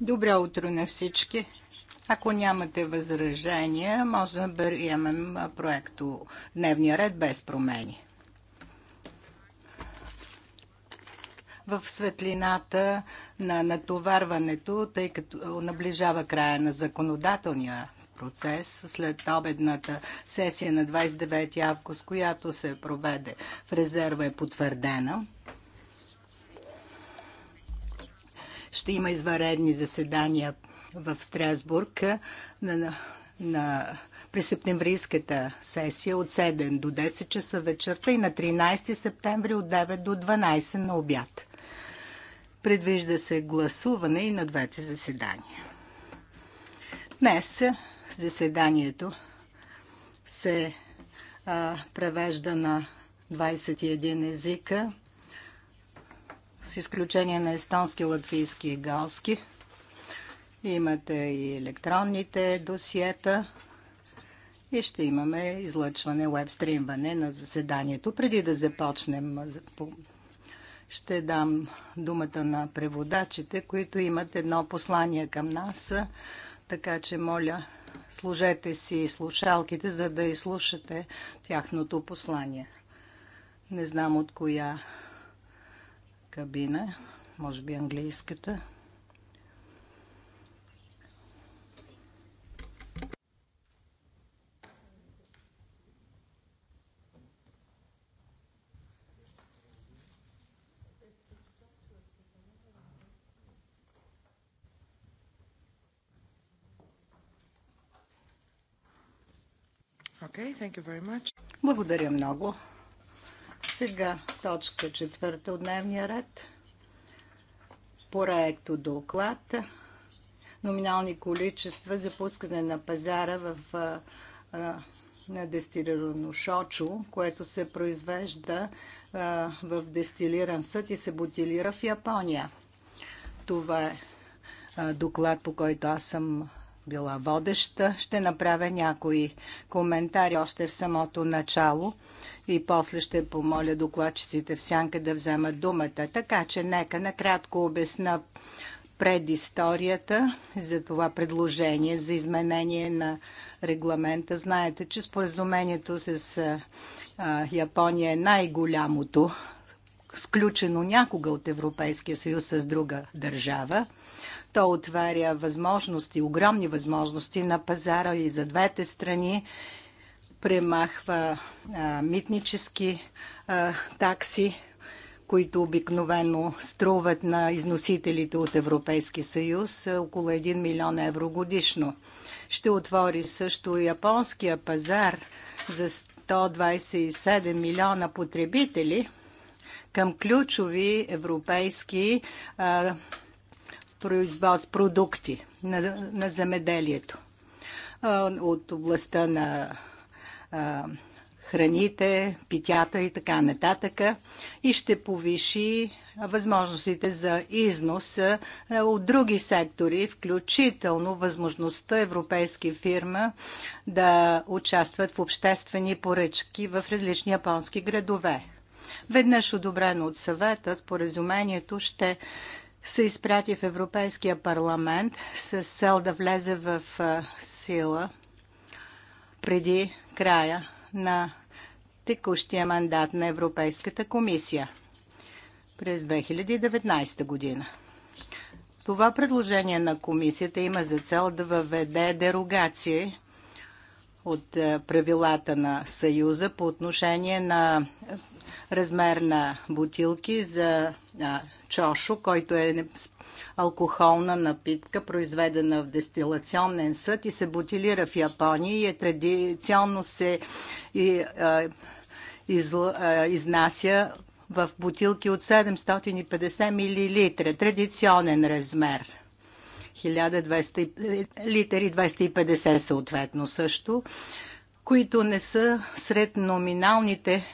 Добро утро на всички. Ако нямате възражения, може да приемем проекто Дневния ред без промени. в светлината на натоварването, тъй като наближава края на законодателния процес след обедната сесия на 29 август, която се проведе в резерва е потвърдена. ще има изваредни заседания в Страсбург на, на, на през септемврийската сесия от 7 до 10 часа вечерта и на 13 септември от 9 до 12 на обяд. Предвижда се гласуване и на двете заседания. Днес заседанието се а, превежда на 21 езика с изключение на естонски, латвийски и галски. Имате и електронните досиета и ще имаме излъчване, веб-стримване на заседанието. Преди да започнем, ще дам думата на преводачите, които имат едно послание към нас, така че моля, служете си слушалките, за да изслушате тяхното послание. Не знам от коя кабина, може би английската. Okay, Благодаря много. Сега точка четвърта от дневния ред. Проекто доклад. Номинални количества за пускане на пазара в, а, на дестилирано шочо, което се произвежда а, в дестилиран съд и се бутилира в Япония. Това е а, доклад, по който аз съм била водеща. Ще направя някои коментари още в самото начало и после ще помоля докладчиците в сянка да вземат думата. Така че нека накратко обясна предисторията за това предложение за изменение на регламента. Знаете, че споразумението с Япония е най-голямото, сключено някога от Европейския съюз с друга държава. То отваря възможности, огромни възможности на пазара и за двете страни. Премахва а, митнически а, такси, които обикновено струват на износителите от Европейски съюз около 1 милион евро годишно. Ще отвори също японския пазар за 127 милиона потребители към ключови европейски а, производ, продукти на, на земеделието. От областта на храните, питята и така нататък и ще повиши възможностите за износ от други сектори, включително възможността европейски фирма да участват в обществени поръчки в различни японски градове. Веднъж одобрено от съвета, споразумението ще се изпрати в Европейския парламент с цел да влезе в сила преди края на текущия мандат на Европейската комисия през 2019 година. Това предложение на комисията има за цел да въведе дерогации от е, правилата на Съюза по отношение на размер на бутилки за чошо, който е алкохолна напитка, произведена в дестилационен съд и се бутилира в Япония и е традиционно се и, а, из, а, изнася в бутилки от 750 мл. Традиционен размер. 1200, литери 250 съответно също, които не са сред номиналните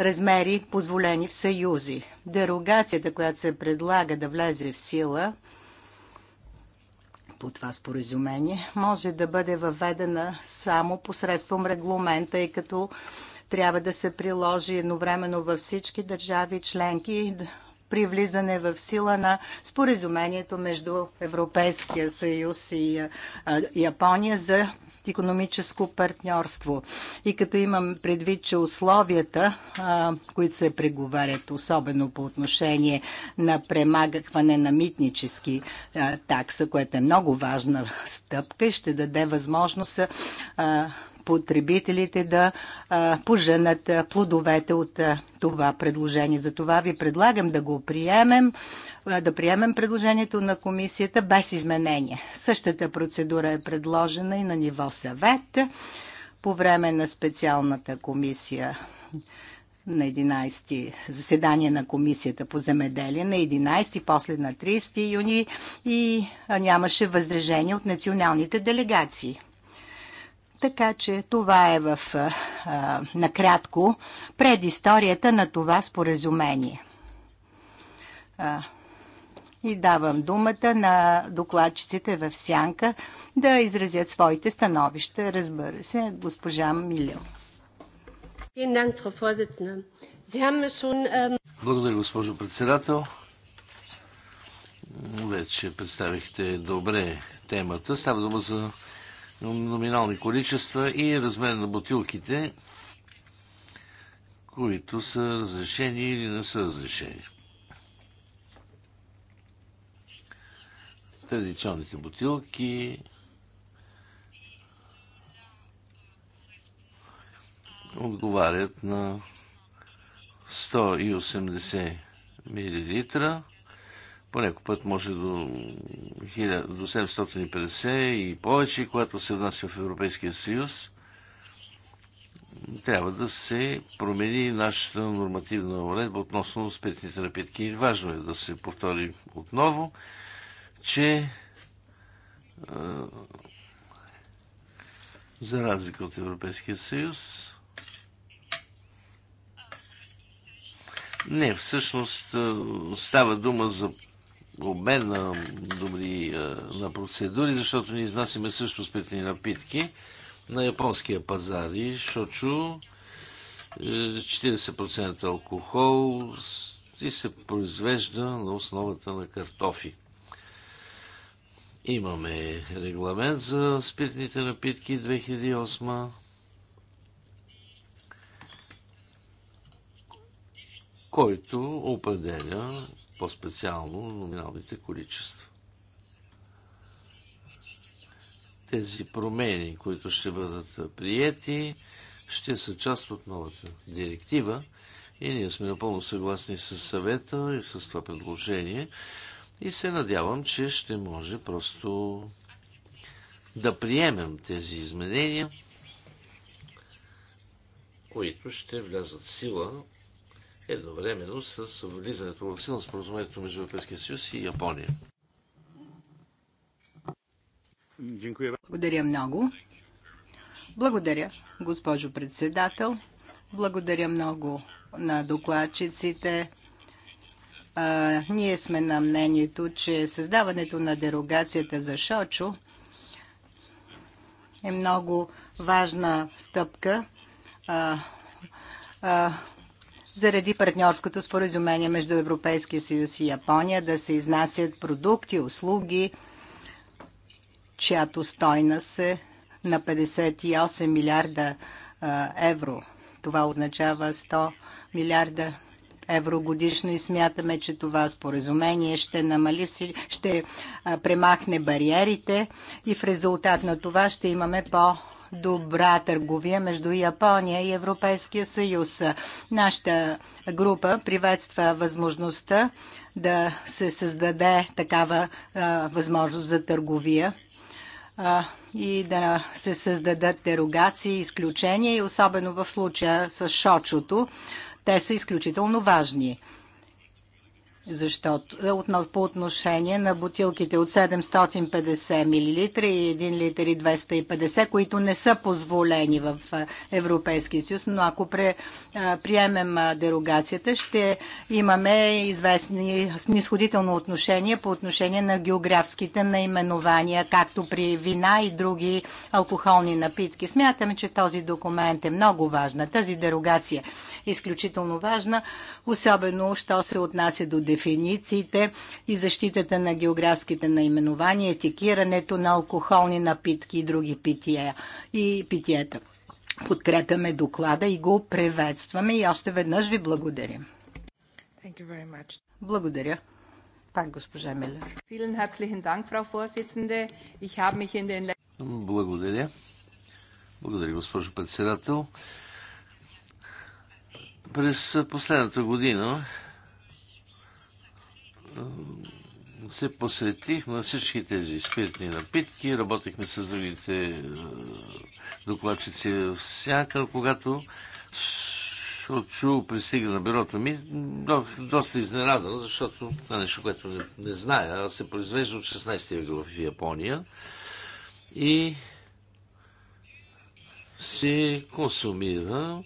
размери, позволени в съюзи. Дерогацията, която се предлага да влезе в сила по това споразумение, може да бъде въведена само посредством регламента, и като трябва да се приложи едновременно във всички държави членки при влизане в сила на споразумението между Европейския съюз и Япония за економическо партньорство. И като имам предвид, че условията, които се преговарят, особено по отношение на премагахване на митнически такса, което е много важна стъпка и ще даде възможност потребителите да поженат плодовете от това предложение. За това ви предлагам да го приемем, да приемем предложението на комисията без изменение. Същата процедура е предложена и на ниво съвет по време на специалната комисия на 11 заседание на Комисията по земеделие на 11, после на 30 юни и нямаше възражение от националните делегации. Така че това е в а, накратко предисторията на това споразумение. А, и давам думата на докладчиците в Сянка да изразят своите становища, разбира се, госпожа Милил. Благодаря, госпожо председател. Вече представихте добре темата. Става дума за номинални количества и размер на бутилките, които са разрешени или не са разрешени. Традиционните бутилки отговарят на 180 милилитра по път може до, 1000, до 750 и повече, когато се внася в Европейския съюз, трябва да се промени нашата нормативна уредба относно спиртните напитки. Важно е да се повтори отново, че за разлика от Европейския съюз, не, всъщност става дума за обмен на добри е, на процедури, защото ние изнасяме също спиртни напитки на японския пазар и шочу 40% е, алкохол и се произвежда на основата на картофи. Имаме регламент за спиртните напитки 2008 който определя по-специално номиналните количества. Тези промени, които ще бъдат приети, ще са част от новата директива и ние сме напълно съгласни с съвета и с това предложение и се надявам, че ще може просто да приемем тези изменения, които ще влязат в сила едновременно с влизането в сила на споразумението между Европейския съюз и Япония. Благодаря много. Благодаря, госпожо председател. Благодаря много на докладчиците. А, ние сме на мнението, че създаването на дерогацията за Шочо е много важна стъпка. А, а, заради партньорското споразумение между Европейския съюз и Япония да се изнасят продукти, услуги, чиято стойност се на 58 милиарда евро. Това означава 100 милиарда евро годишно и смятаме, че това споразумение ще намали, ще премахне бариерите и в резултат на това ще имаме по- добра търговия между Япония и Европейския съюз. Нашата група приветства възможността да се създаде такава а, възможност за търговия а, и да се създадат дерогации, изключения и особено в случая с шочото. Те са изключително важни защото е, отново по отношение на бутилките от 750 мл и 1 литър и 250, които не са позволени в е, Европейския съюз, но ако пре, е, приемем дерогацията, ще имаме известни снисходително отношение по отношение на географските наименования, както при вина и други алкохолни напитки. Смятаме, че този документ е много важна. Тази дерогация е изключително важна, особено, що се отнася до дефинициите и защитата на географските наименования, етикирането на алкохолни напитки и други пития и питиета. Подкрепяме доклада и го приветстваме и още веднъж ви благодарим. Благодаря. Пак госпожа Милер. Благодаря. Благодаря, госпожо председател. През последната година се посветих на всички тези спиртни напитки, работихме с другите докладчици в сянка, когато чу пристига на бюрото ми, доста изненадан, защото това е нещо, което не, не аз се произвежда от 16 ти век в Япония и се консумира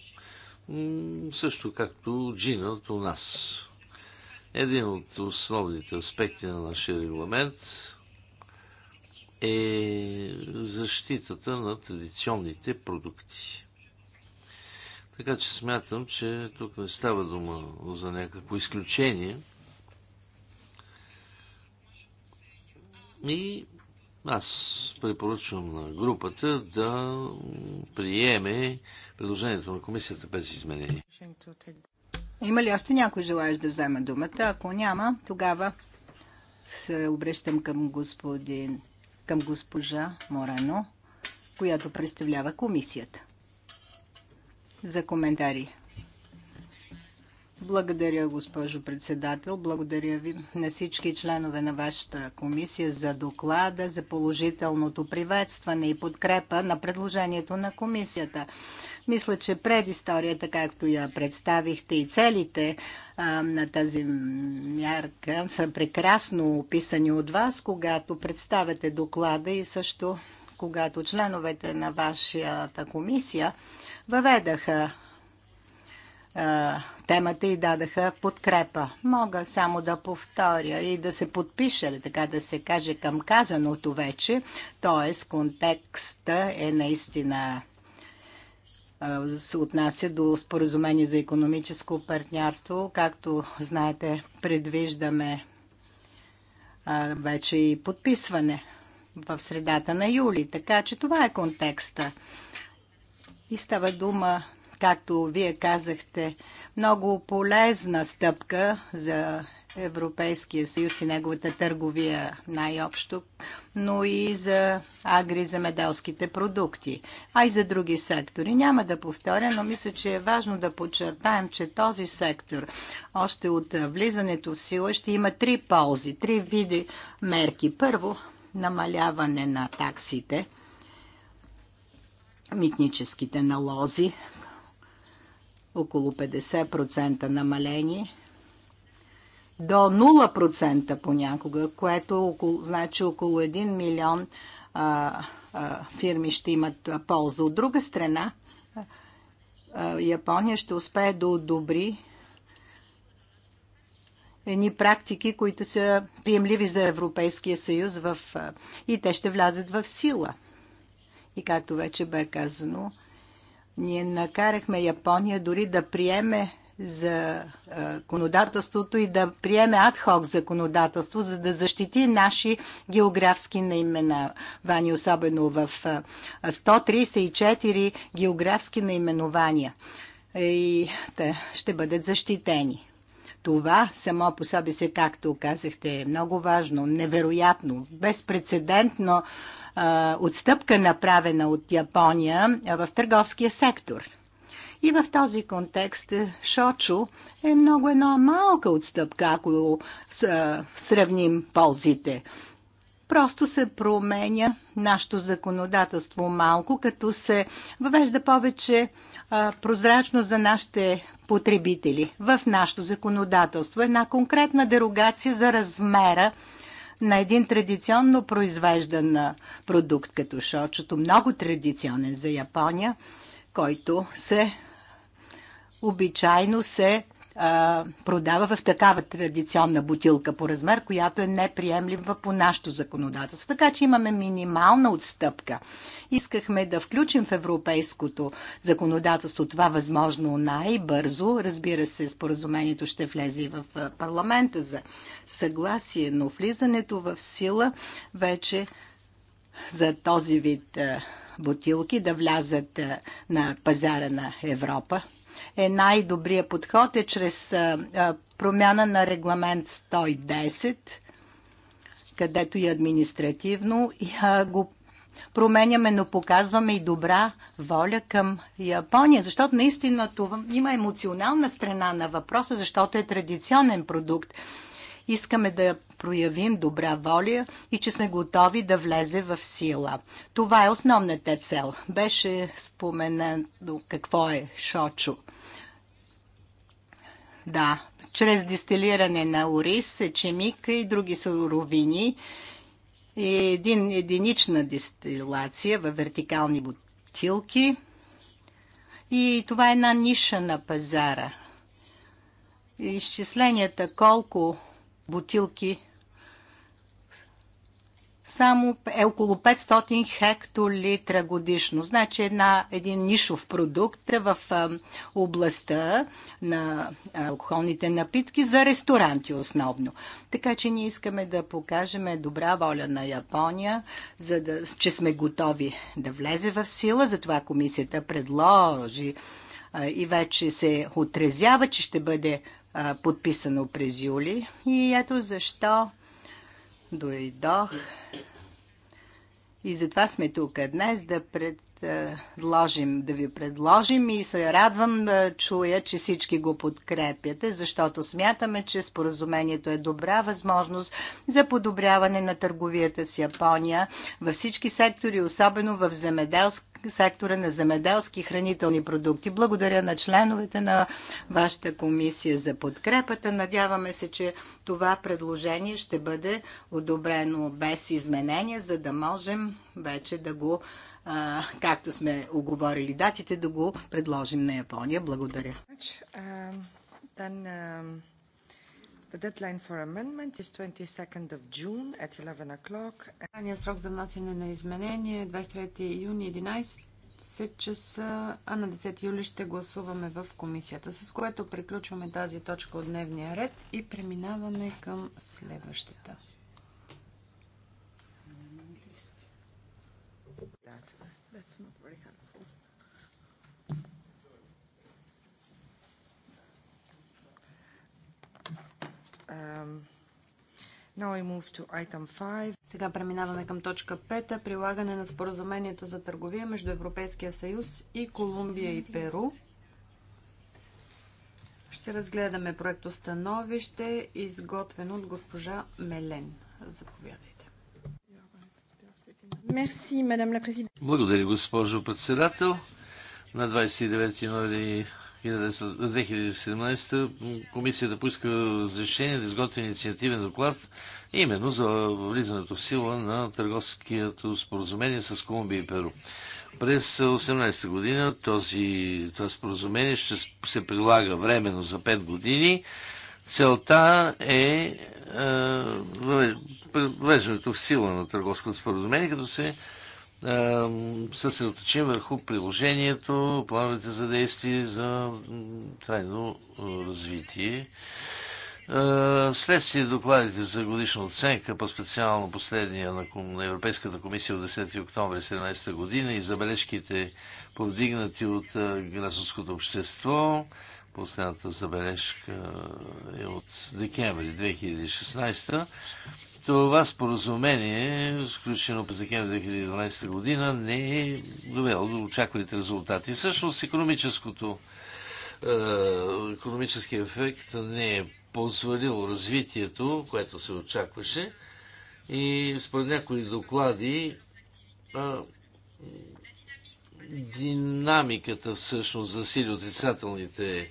също както джинът у нас. Един от основните аспекти на нашия регламент е защитата на традиционните продукти. Така че смятам, че тук не става дума за някакво изключение. И аз препоръчвам на групата да приеме предложението на комисията без изменение. Има ли още някой желаящ да вземе думата? Ако няма, тогава се обръщам към господин, към госпожа Морано, която представлява комисията. За коментари. Благодаря, госпожо председател. Благодаря ви на всички членове на вашата комисия за доклада, за положителното приветстване и подкрепа на предложението на комисията. Мисля, че предисторията, както я представихте и целите а, на тази мярка са прекрасно описани от вас, когато представяте доклада и също когато членовете на вашата комисия въведаха темата и дадаха подкрепа. Мога само да повторя и да се подпиша, така да се каже, към казаното вече, т.е. контекста е наистина се отнася до споразумение за економическо партньорство. Както знаете, предвиждаме вече и подписване в средата на юли. Така че това е контекста. И става дума, както вие казахте, много полезна стъпка за Европейския съюз и неговата търговия най-общо, но и за агриземеделските продукти, а и за други сектори. Няма да повторя, но мисля, че е важно да подчертаем, че този сектор още от влизането в сила ще има три ползи, три види мерки. Първо, намаляване на таксите, митническите налози, около 50% намаление – до 0% понякога, което около, значи около 1 милион а, а, фирми ще имат полза. От друга страна, а, Япония ще успее да одобри едни практики, които са приемливи за Европейския съюз в, и те ще влязат в сила. И както вече бе казано, ние накарахме Япония дори да приеме за законодателството и да приеме адхок законодателство, за да защити наши географски наименования, особено в 134 географски наименования. И те ще бъдат защитени. Това само по себе си, както казахте, е много важно, невероятно, безпредседентно отстъпка направена от Япония в търговския сектор – и в този контекст е, Шочо е много една малка отстъпка, ако сравним ползите. Просто се променя нашето законодателство малко, като се въвежда повече прозрачно за нашите потребители в нашето законодателство. Една конкретна дерогация за размера на един традиционно произвеждан продукт като шочото, много традиционен за Япония, който се обичайно се а, продава в такава традиционна бутилка по размер, която е неприемлива по нашото законодателство. Така че имаме минимална отстъпка. Искахме да включим в европейското законодателство това възможно най-бързо. Разбира се, споразумението ще влезе и в парламента за съгласие, но влизането в сила вече за този вид бутилки да влязат на пазара на Европа е най-добрият подход е чрез промяна на регламент 110, където и административно го променяме, но показваме и добра воля към Япония, защото наистина това има емоционална страна на въпроса, защото е традиционен продукт. Искаме да проявим добра воля и че сме готови да влезе в сила. Това е основната цел. Беше споменено какво е шочо. Да, чрез дистилиране на ориз, чемик и други суровини и един, единична дистилация в вертикални бутилки. И това е една ниша на пазара. Изчисленията колко бутилки само е около 500 хектолитра годишно. Значи една, един нишов продукт е в областта на алкохолните напитки за ресторанти основно. Така че ние искаме да покажем добра воля на Япония, за да, че сме готови да влезе в сила. Затова комисията предложи и вече се отрезява, че ще бъде подписано през юли. И ето защо дойдох и затова сме тук днес да пред предложим, да ви предложим и се радвам да чуя, че всички го подкрепяте, защото смятаме, че споразумението е добра възможност за подобряване на търговията с Япония във всички сектори, особено в земеделск, сектора на земеделски хранителни продукти. Благодаря на членовете на вашата комисия за подкрепата. Надяваме се, че това предложение ще бъде одобрено без изменения, за да можем вече да го а, както сме оговорили датите, да го предложим на Япония. Благодаря. Крайният срок за внасяне на изменение е 23 юни 11 часа, а на 10 юли ще гласуваме в комисията, с което приключваме тази точка от дневния ред и преминаваме към следващата. Сега преминаваме към точка 5. Прилагане на споразумението за търговия между Европейския съюз и Колумбия и Перу. Ще разгледаме проекто становище, изготвено от госпожа Мелен. Заповядайте. Благодаря, госпожо председател. На 29 ноември 2017 комисията поиска разрешение да изготви инициативен доклад именно за влизането в сила на търговското споразумение с Колумбия и Перу. През 18 година този, това споразумение ще се прилага временно за 5 години. Целта е, е въвеждането в сила на търговското споразумение, като се съсредоточим върху приложението, плановете за действие за трайно развитие. Следствие докладите за годишна оценка, по-специално последния на Европейската комисия от 10 октомври 2017 година и забележките повдигнати от гражданското общество. Последната забележка е от декември 2016 това споразумение, включено през декември 2012 година, не е довело до очакваните резултати. Всъщност, економическото, е, економическия ефект не е позволил развитието, което се очакваше. И според някои доклади, е, динамиката всъщност засили отрицателните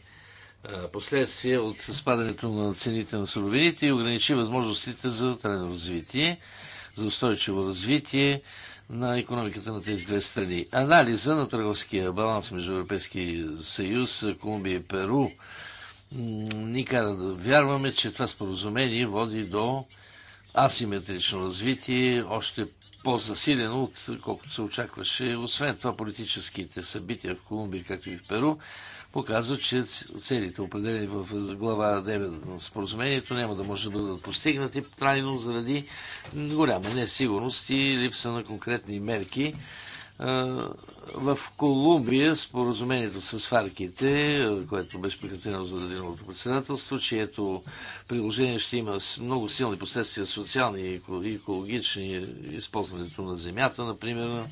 последствия от спадането на цените на суровините и ограничи възможностите за трайно развитие, за устойчиво развитие на економиката на тези две страни. Анализа на търговския баланс между Европейския съюз, Колумбия и Перу ни кара да вярваме, че това споразумение води до асиметрично развитие, още по-засилено, отколкото се очакваше. Освен това, политическите събития в Колумбия, както и в Перу, показва, че целите, определени в глава 9 на споразумението, няма да може да бъдат постигнати трайно заради голяма несигурност и липса на конкретни мерки в Колумбия споразумението с фарките, което беше прекратено за даденото председателство, чието приложение ще има много силни последствия социални и екологични, използването на земята, например,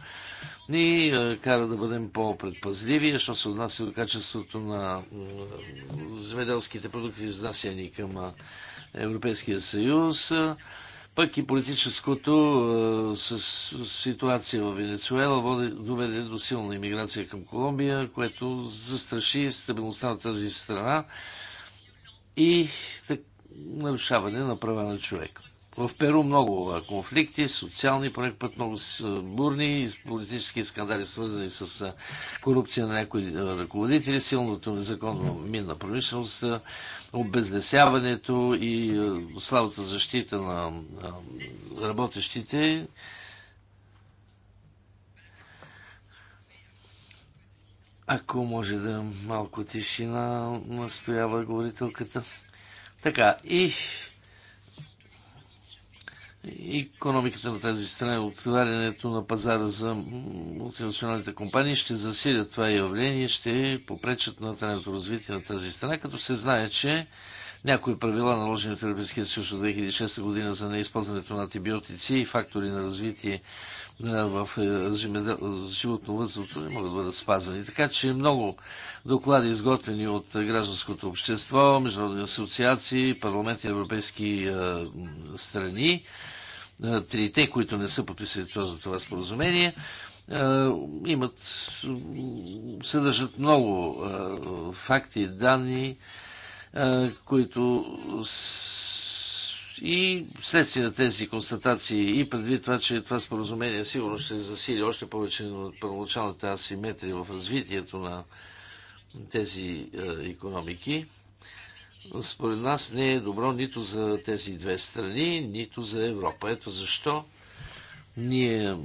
ни кара да бъдем по-предпазливи, що се отнася до качеството на земеделските продукти, изнасяни към Европейския съюз. Пък и политическото с, ситуация в Венецуела води, доведе до силна иммиграция към Колумбия, което застраши стабилността на тази страна и так, нарушаване на права на човека. В Перу много конфликти, социални, проект път много бурни, политически скандали, свързани с корупция на някои ръководители, силното незаконно минна промишленост, обезлесяването и слабата защита на работещите. Ако може да малко тишина, настоява говорителката. Така, и Економиката на тази страна е отварянето на пазара за мултинационалните компании ще засилят това явление, ще попречат на трайното развитие на тази страна, като се знае, че някои правила, наложени от Европейския съюз от 2006 година за неизползването на антибиотици и фактори на развитие в е, животновътството не могат да бъдат спазвани. Така че много доклади, изготвени от гражданското общество, международни асоциации, парламент и европейски страни, трите, които не са подписали това, това споразумение, имат, съдържат много факти и данни, които и следствие на тези констатации и предвид това, че това споразумение сигурно ще засили още повече на първоначалната асиметрия в развитието на тези економики, според нас не е добро нито за тези две страни, нито за Европа. Ето защо ние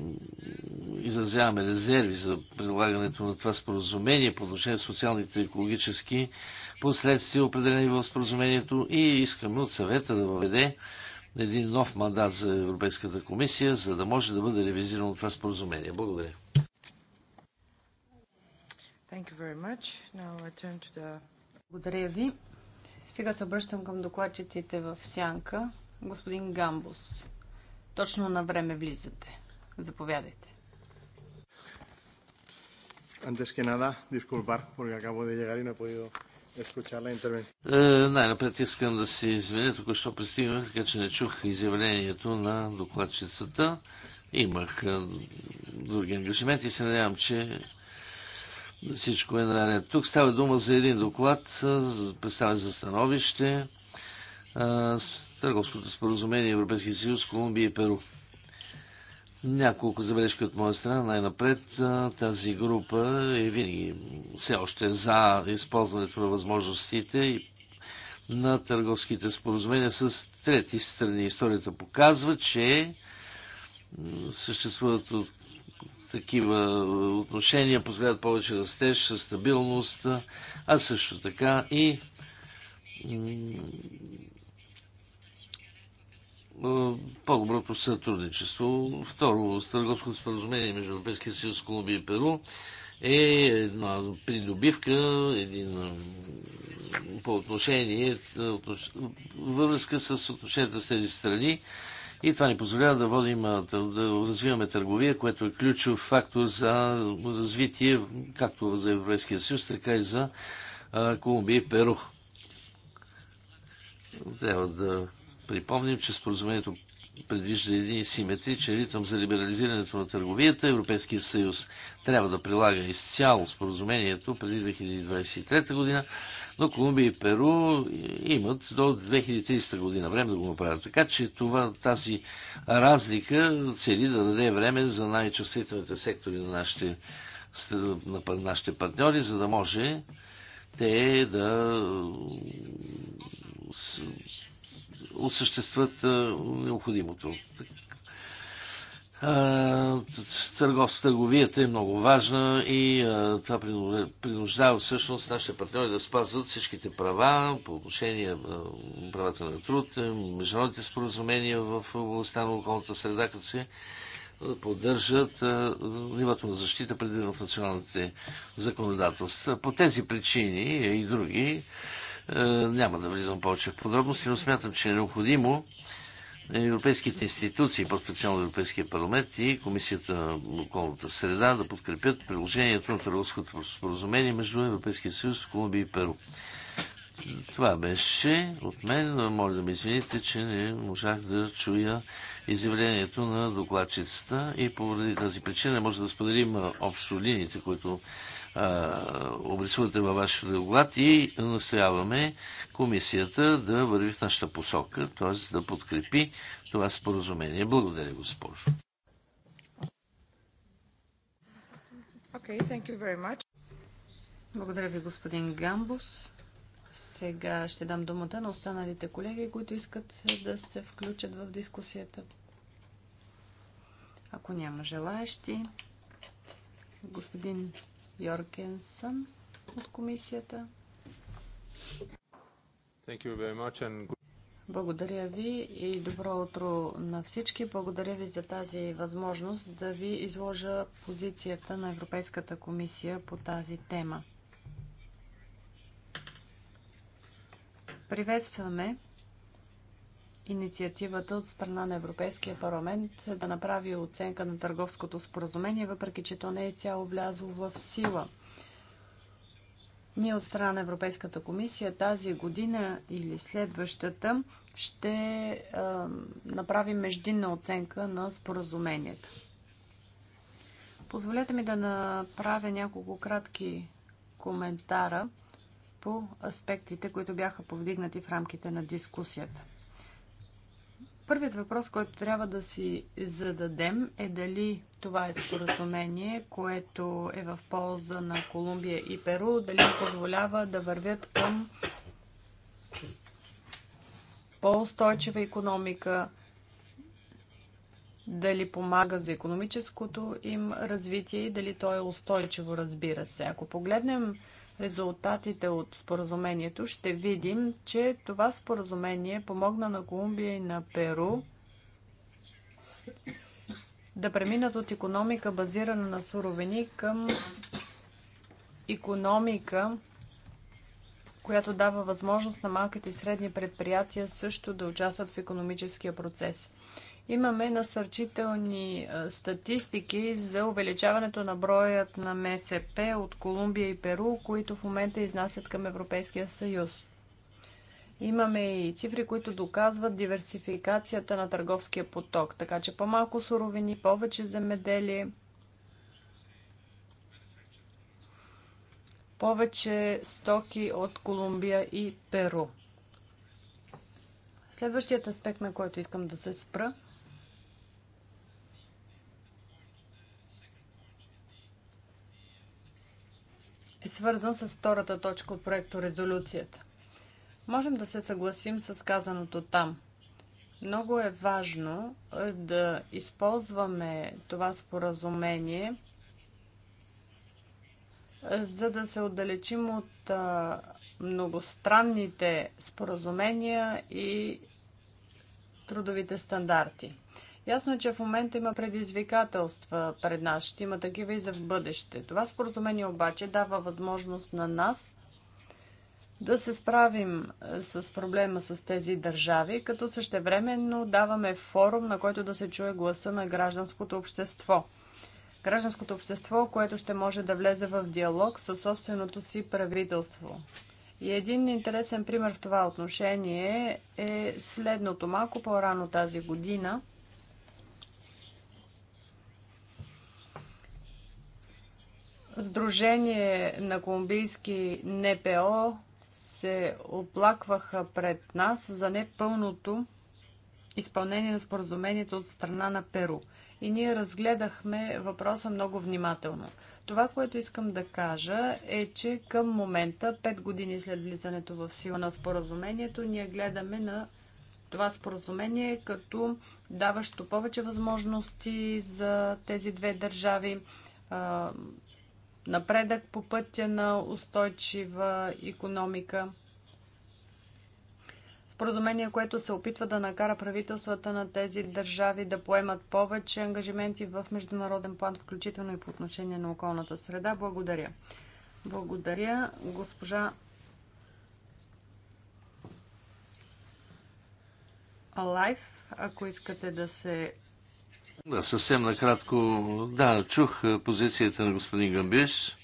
изразяваме резерви за предлагането на това споразумение по отношение на социалните и екологически последствия, определени в споразумението и искаме от съвета да въведе един нов мандат за Европейската комисия, за да може да бъде ревизирано това споразумение. Благодаря. Благодаря ви. Сега се обръщам към докладчиците в сянка. Господин Гамбус, точно на време влизате. Заповядайте. Antes que nada, disculpar, porque acabo de llegar y no he podido escuchar la intervención. Е, най-напред искам да се извиня, току-що пристигнах, така че не чух изявлението на докладчицата. Имах е, други ангажименти и се надявам, че всичко е наред. Тук става дума за един доклад, представен за становище Търговското споразумение Европейския съюз, Колумбия и Перу. Няколко забележки от моя страна. Най-напред тази група е винаги все още за използването на възможностите и на търговските споразумения с трети страни. Историята показва, че съществуват от такива отношения позволяват повече растеж, стабилност, а също така и по-доброто сътрудничество. Второ, търговското споразумение между Европейския съюз, Колумбия и Перу е една придобивка, един по отношение, във връзка с отношенията с тези страни и това ни позволява да водим, да развиваме търговия, което е ключов фактор за развитие както за Европейския съюз, така и за Колумбия и Перу. Трябва да припомним, че споразумението предвижда един симетричен ритъм за либерализирането на търговията. Европейския съюз трябва да прилага изцяло споразумението преди 2023 година, но Колумбия и Перу имат до 2030 година време да го направят. Така че това, тази разлика цели да даде време за най-чувствителните сектори на нашите, на нашите партньори, за да може те да осъществят необходимото търгов, търговията е много важна и а, това принуждава всъщност нашите партньори да спазват всичките права по отношение на правата на труд, е, международните споразумения в областта на околната среда, като се поддържат а, нивото на защита предвидено в националните законодателства. По тези причини и други а, няма да влизам повече в подробности, но смятам, че е необходимо европейските институции, по-специално Европейския парламент и Комисията на околната среда да подкрепят приложението на търговското споразумение между Европейския съюз, Колумбия и Перу. Това беше от мен. Моля да ме извините, че не можах да чуя изявлението на докладчицата и поради тази причина може да споделим общо линиите, които обрисувате във вашето доклад и настояваме комисията да върви в нашата посока, т.е. да подкрепи това споразумение. Благодаря, госпожо. Okay, Благодаря ви, господин Гамбус. Сега ще дам думата на останалите колеги, които искат да се включат в дискусията. Ако няма желаящи, господин Йоргенсън от комисията. Благодаря ви и добро утро на всички. Благодаря ви за тази възможност да ви изложа позицията на Европейската комисия по тази тема. Приветстваме инициативата от страна на Европейския парламент да направи оценка на търговското споразумение, въпреки че то не е цяло влязло в сила. Ние от страна на Европейската комисия тази година или следващата ще е, направим междинна оценка на споразумението. Позволете ми да направя няколко кратки коментара по аспектите, които бяха повдигнати в рамките на дискусията. Първият въпрос, който трябва да си зададем е дали това е споразумение, което е в полза на Колумбия и Перу, дали позволява да вървят към по-устойчива економика, дали помага за економическото им развитие и дали то е устойчиво, разбира се. Ако погледнем резултатите от споразумението, ще видим, че това споразумение помогна на Колумбия и на Перу да преминат от економика базирана на суровини към економика, която дава възможност на малките и средни предприятия също да участват в економическия процес. Имаме насърчителни статистики за увеличаването на броят на МСП от Колумбия и Перу, които в момента изнасят към Европейския съюз. Имаме и цифри, които доказват диверсификацията на търговския поток, така че по-малко суровини, повече земеделие, повече стоки от Колумбия и Перу. Следващият аспект, на който искам да се спра – е свързан с втората точка от проекта резолюцията. Можем да се съгласим с казаното там. Много е важно е, да използваме това споразумение, е, за да се отдалечим от многостранните споразумения и трудовите стандарти. Ясно е, че в момента има предизвикателства пред нас. Ще има такива и за в бъдеще. Това споразумение обаче дава възможност на нас да се справим е, с проблема с тези държави, като същевременно даваме форум, на който да се чуе гласа на гражданското общество. Гражданското общество, което ще може да влезе в диалог със собственото си правителство. И един интересен пример в това отношение е следното. Малко по-рано тази година Сдружение на колумбийски НПО се оплакваха пред нас за непълното изпълнение на споразумението от страна на Перу. И ние разгледахме въпроса много внимателно. Това, което искам да кажа е, че към момента, пет години след влизането в сила на споразумението, ние гледаме на това споразумение като даващо повече възможности за тези две държави напредък по пътя на устойчива економика. Споразумение, което се опитва да накара правителствата на тези държави да поемат повече ангажименти в международен план, включително и по отношение на околната среда. Благодаря. Благодаря, госпожа Лайф. ако искате да се да, съвсем накратко. Да, чух е, позицията на господин Гамбиш.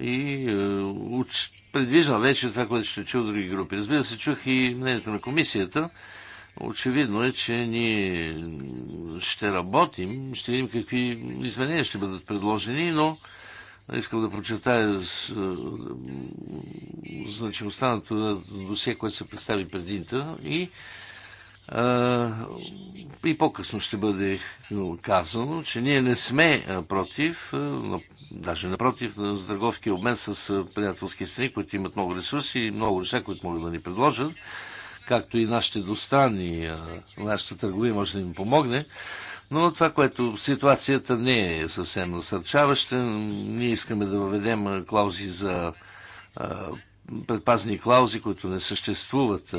И е, уч... предвиждам вече това, което ще чу в други групи. Разбира се, чух и мнението на комисията. Очевидно е, че ние ще работим, ще видим какви изменения ще бъдат предложени, но искам да прочетая е, значимостта на това досие, което се представи президента и и по-късно ще бъде е, казано, че ние не сме е, против, е, даже напротив, на търговски обмен с приятелски страни, които имат много ресурси и много неща, които могат да ни предложат, както и нашите достани, нашата търговия може да им помогне. Но това, което ситуацията не е съвсем насърчаваща, ние искаме да въведем клаузи за предпазни клаузи, които не съществуват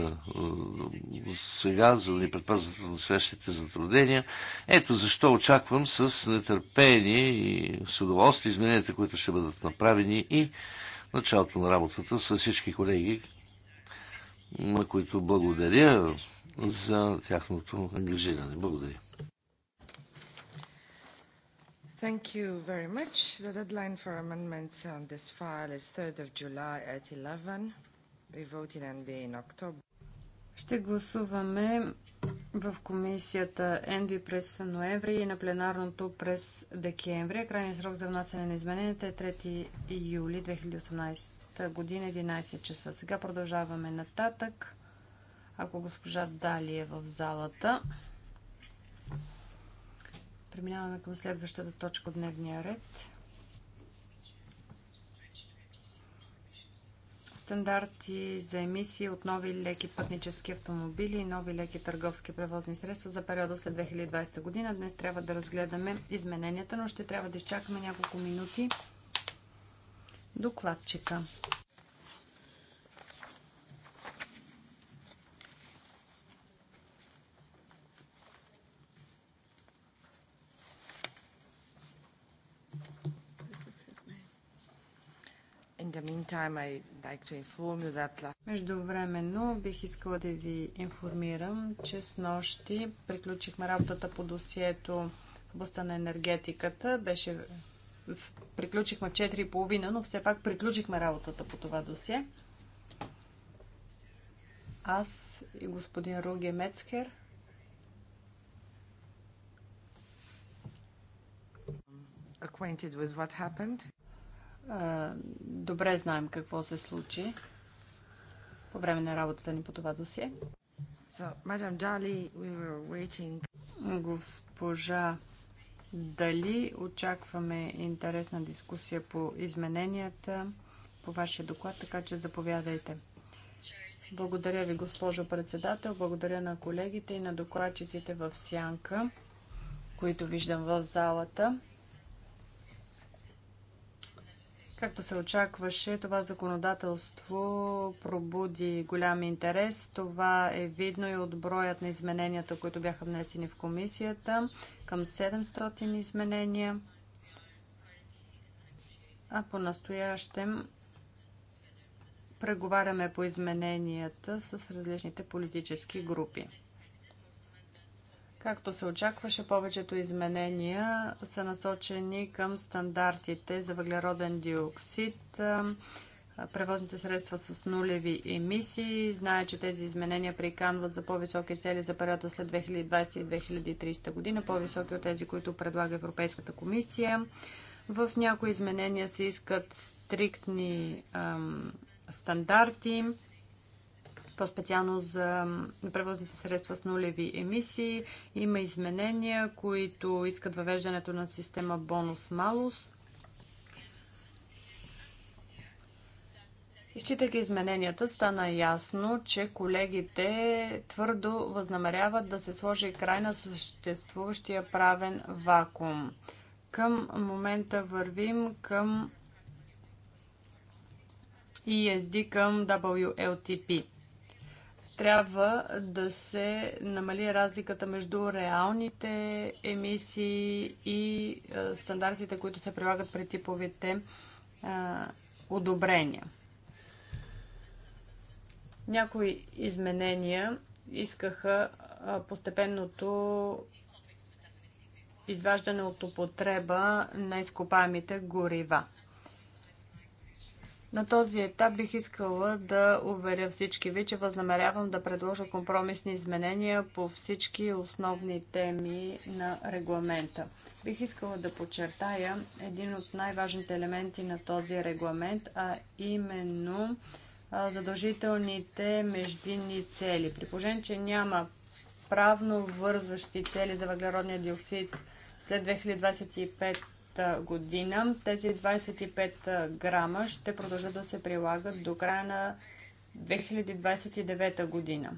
сега, за да ни предпазват от следващите затруднения. Ето защо очаквам с нетърпение и с удоволствие измененията, които ще бъдат направени и началото на работата с всички колеги, на които благодаря за тяхното ангажиране. Благодаря. Thank you very much. The deadline for amendments on this file is 3rd of July at 11. We vote in NB in October. Ще гласуваме в комисията НВ през ноември и на пленарното през декември. Крайният срок за внасяне на измененията е 3 юли 2018 година 11 часа. Сега продължаваме нататък. Ако госпожа Дали е в залата. Преминаваме към следващата точка от дневния ред. Стандарти за емисии от нови леки пътнически автомобили и нови леки търговски превозни средства за периода след 2020 година. Днес трябва да разгледаме измененията, но ще трябва да изчакаме няколко минути докладчика. Междувременно бих искала да ви информирам, че с нощи приключихме работата по досието в областта на енергетиката. Беше... Приключихме в половина, но все пак приключихме работата по това досие. Аз и господин Руге Мецкер – acquainted with what happened добре знаем какво се случи по време на работата ни по това досие. So, Dali, we Госпожа Дали, очакваме интересна дискусия по измененията по вашия доклад, така че заповядайте. Благодаря ви, госпожо председател. Благодаря на колегите и на докладчиците в Сянка, които виждам в залата. Както се очакваше, това законодателство пробуди голям интерес. Това е видно и от броят на измененията, които бяха внесени в комисията. Към 700 изменения. А по-настоящем преговаряме по измененията с различните политически групи. Както се очакваше, повечето изменения са насочени към стандартите за въглероден диоксид, превозните средства с нулеви емисии. Знае, че тези изменения приканват за по-високи цели за периода след 2020 и 2030 година, по-високи от тези, които предлага Европейската комисия. В някои изменения се искат стриктни ам, стандарти по-специално за превозните средства с нулеви емисии. Има изменения, които искат въвеждането на система бонус-малус. Изчитайки измененията, стана ясно, че колегите твърдо възнамеряват да се сложи край на съществуващия правен вакуум. Към момента вървим към ESD е към WLTP трябва да се намали разликата между реалните емисии и стандартите, които се прилагат при типовите одобрения. Някои изменения искаха постепенното изваждане от употреба на изкопаемите горива. На този етап бих искала да уверя всички ви, че възнамерявам да предложа компромисни изменения по всички основни теми на регламента. Бих искала да подчертая един от най-важните елементи на този регламент, а именно задължителните междинни цели. При положение, че няма правно вързващи цели за въглеродния диоксид след 2025 година тези 25 грама ще продължат да се прилагат до края на 2029 година.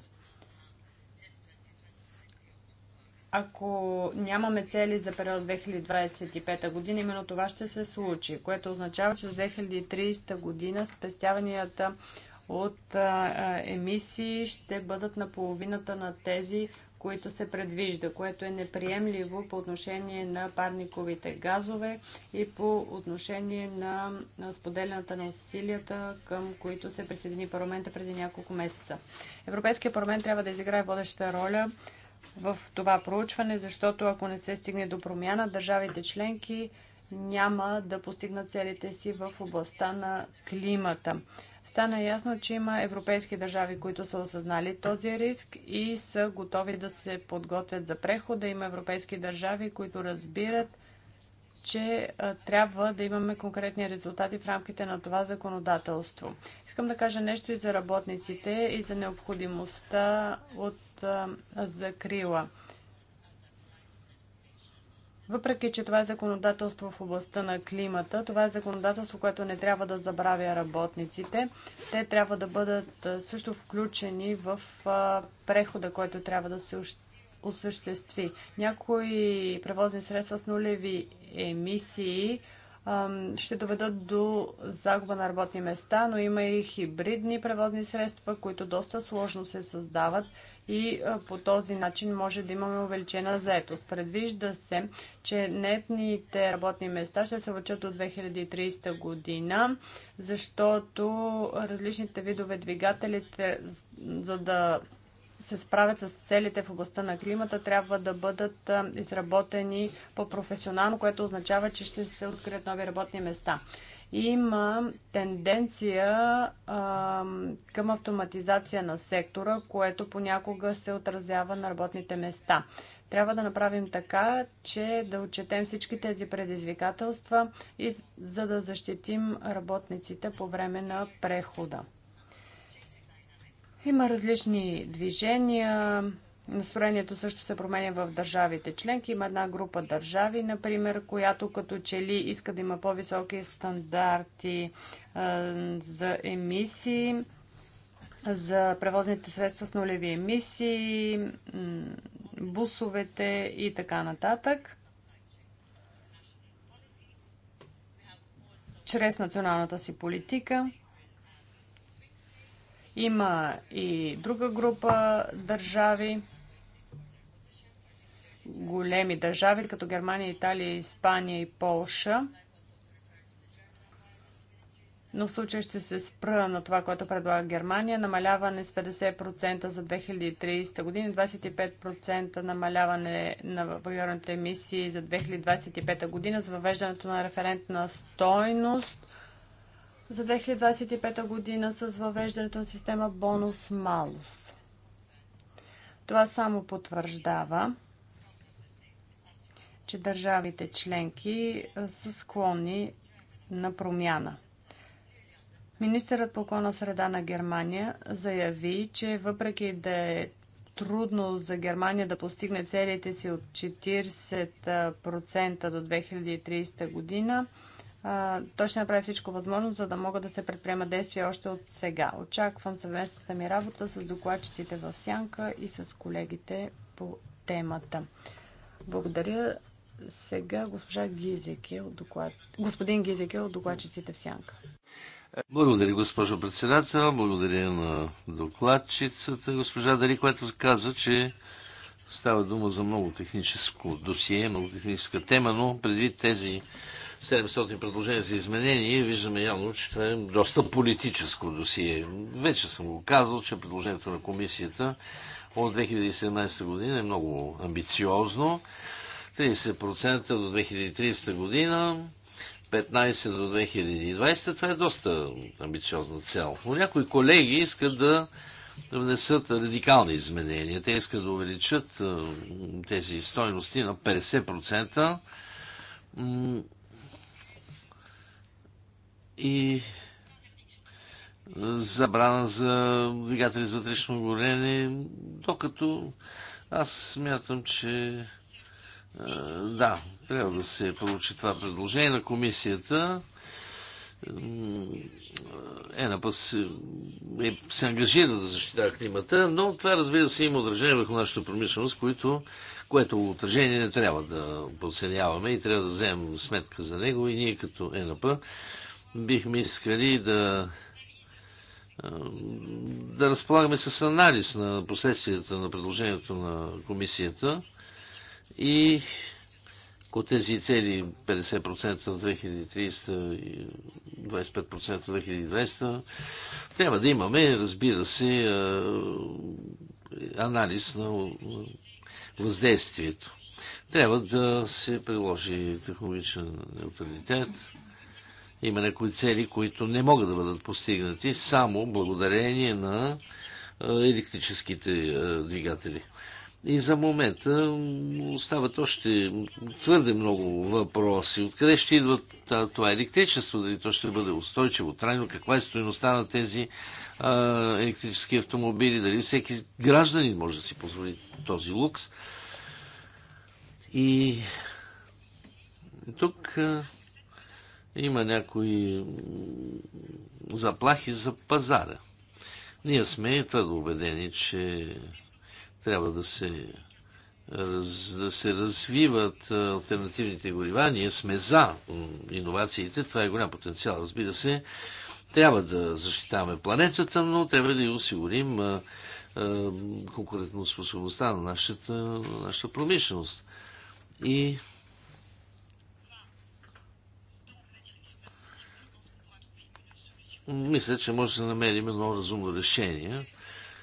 Ако нямаме цели за период 2025 година, именно това ще се случи, което означава, че за 2030 година спестяванията от емисии ще бъдат на половината на тези които се предвижда, което е неприемливо по отношение на парниковите газове и по отношение на, споделената на усилията, към които се присъедини парламента преди няколко месеца. Европейския парламент трябва да изиграе водеща роля в това проучване, защото ако не се стигне до промяна, държавите членки няма да постигнат целите си в областта на климата стана ясно, че има европейски държави, които са осъзнали този риск и са готови да се подготвят за прехода. Има европейски държави, които разбират, че трябва да имаме конкретни резултати в рамките на това законодателство. Искам да кажа нещо и за работниците, и за необходимостта от закрила. Въпреки, че това е законодателство в областта на климата, това е законодателство, което не трябва да забравя работниците. Те трябва да бъдат също включени в прехода, който трябва да се осъществи. Някои превозни средства с нулеви емисии ще доведат до загуба на работни места, но има и хибридни превозни средства, които доста сложно се създават и по този начин може да имаме увеличена заетост. Предвижда се, че нетните работни места ще се увеличат до 2030 година, защото различните видове двигатели, за да се справят с целите в областта на климата, трябва да бъдат изработени по-професионално, което означава, че ще се открият нови работни места. Има тенденция а, към автоматизация на сектора, което понякога се отразява на работните места. Трябва да направим така, че да отчетем всички тези предизвикателства и за да защитим работниците по време на прехода. Има различни движения. Настроението също се променя в държавите членки. Има една група държави, например, която като че ли иска да има по-високи стандарти за емисии, за превозните средства с нулеви емисии, бусовете и така нататък. Чрез националната си политика. Има и друга група държави, големи държави, като Германия, Италия, Испания и Полша. Но в случай ще се спра на това, което предлага Германия. Намаляване с 50% за 2030 година, 25% намаляване на въглеродните емисии за 2025 година с въвеждането на референтна стойност – за 2025 година с въвеждането на система бонус-малус. Това само потвърждава, че държавите членки са склонни на промяна. Министерът по околна среда на Германия заяви, че въпреки да е трудно за Германия да постигне целите си от 40% до 2030 година, той ще направи всичко възможно, за да могат да се предприемат действия още от сега. Очаквам съвместната ми работа с докладчиците в Сянка и с колегите по темата. Благодаря. Сега госпожа Гизекил, е доклад... господин Гизекил е от докладчиците в Сянка. Благодаря, госпожо председател. Благодаря на докладчицата, госпожа Дари, която каза, че става дума за много техническо досие, много техническа тема, но предвид тези 700 предложения за изменение, виждаме явно, че това е доста политическо досие. Вече съм го казал, че предложението на комисията от 2017 година е много амбициозно. 30% до 2030 година, 15 до 2020. Това е доста амбициозна цел. Но някои колеги искат да внесат радикални изменения. Те искат да увеличат тези стойности на 50% и забрана за двигатели за вътрешно горене, докато аз смятам, че да, трябва да се получи това предложение на комисията. ЕНАПА се, е, се ангажира да защитава климата, но това разбира се има отражение върху нашата промишленост, което, което отражение не трябва да подценяваме и трябва да вземем сметка за него и ние като ЕНАПА Бихме искали да да разполагаме с анализ на последствията на предложението на комисията и ако тези цели 50% от 2300 и 25% в 2200, трябва да имаме, разбира се, анализ на въздействието. Трябва да се приложи технологичен неутралитет, има някои цели, които не могат да бъдат постигнати само благодарение на електрическите двигатели. И за момента остават още твърде много въпроси. Откъде ще идва това електричество? Дали то ще бъде устойчиво, трайно? Каква е стоеността на тези електрически автомобили? Дали всеки гражданин може да си позволи този лукс? И тук има някои заплахи за пазара. Ние сме твърдо убедени, че трябва да се, раз, да се развиват альтернативните горива. Ние сме за иновациите. Това е голям потенциал, разбира се. Трябва да защитаваме планетата, но трябва да и осигурим конкурентно способността конкурентоспособността на нашата, нашата промишленост. И мисля, че може да намерим едно разумно решение.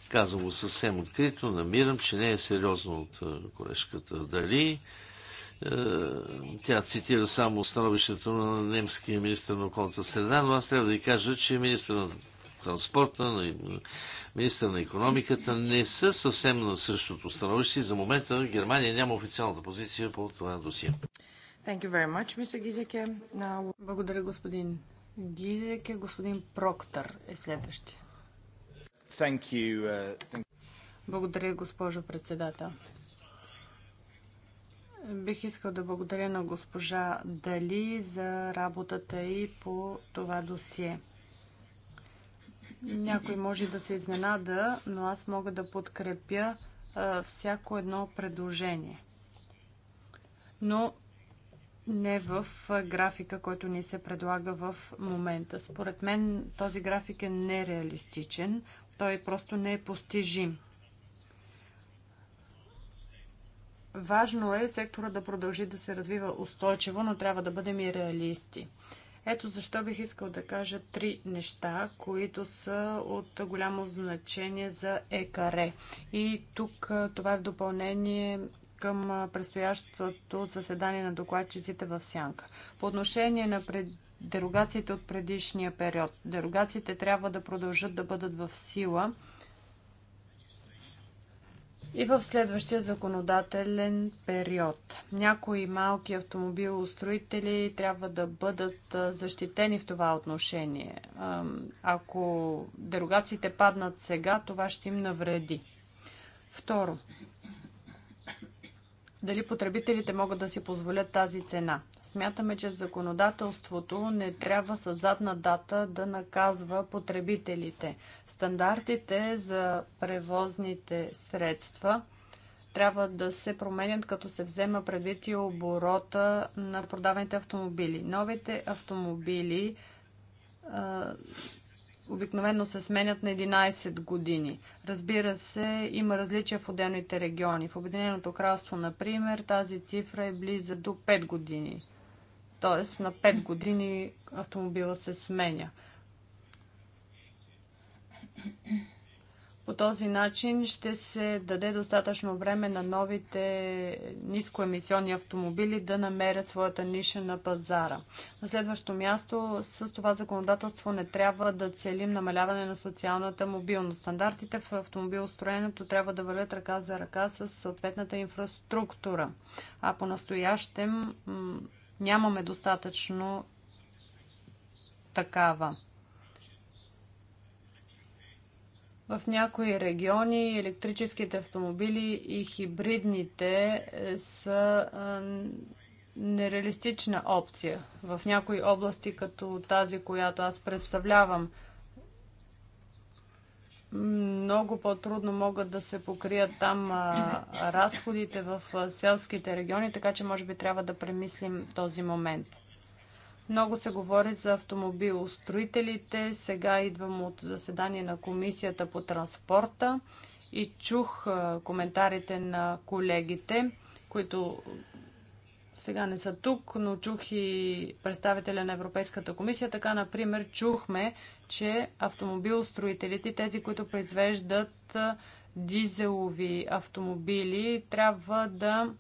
Казвам го съвсем открито, намирам, че не е сериозно от е, колежката Дали. Е, тя цитира само становището на немския министр на околната среда, но аз трябва да ви кажа, че министр на транспорта, министр министър на економиката не са съвсем на същото становище. За момента Германия няма официалната позиция по това досия. Благодаря, господин Гизек е господин Проктор е следващия. Thank you, uh, thank... Благодаря, госпожо председател. Бих искал да благодаря на госпожа Дали за работата и по това досие. Някой може да се изненада, но аз мога да подкрепя а, всяко едно предложение. Но не в графика, който ни се предлага в момента. Според мен този график е нереалистичен. Той просто не е постижим. Важно е сектора да продължи да се развива устойчиво, но трябва да бъдем и реалисти. Ето защо бих искал да кажа три неща, които са от голямо значение за ЕКАРЕ. И тук това е в допълнение към предстоящото заседание на докладчиците в Сянка. По отношение на пред... дерогациите от предишния период, дерогациите трябва да продължат да бъдат в сила и в следващия законодателен период. Някои малки автомобилостроители трябва да бъдат защитени в това отношение. Ако дерогациите паднат сега, това ще им навреди. Второ, дали потребителите могат да си позволят тази цена. Смятаме, че законодателството не трябва с задна дата да наказва потребителите. Стандартите за превозните средства трябва да се променят, като се взема предвид и оборота на продаваните автомобили. Новите автомобили обикновено се сменят на 11 години. Разбира се, има различия в отделните региони. В Обединеното кралство, например, тази цифра е близа до 5 години. Тоест, на 5 години автомобила се сменя. По този начин ще се даде достатъчно време на новите нискоемисионни автомобили да намерят своята ниша на пазара. На следващо място, с това законодателство не трябва да целим намаляване на социалната мобилност. Стандартите в автомобилостроенето трябва да вървят ръка за ръка с съответната инфраструктура. А по-настоящем нямаме достатъчно такава. В някои региони електрическите автомобили и хибридните е, са е, нереалистична опция. В някои области, като тази, която аз представлявам, много по-трудно могат да се покрият там разходите в селските региони, така че може би трябва да премислим този момент. Много се говори за автомобилостроителите. Сега идвам от заседание на комисията по транспорта и чух коментарите на колегите, които сега не са тук, но чух и представителя на Европейската комисия. Така, например, чухме, че автомобилостроителите, тези, които произвеждат дизелови автомобили, трябва да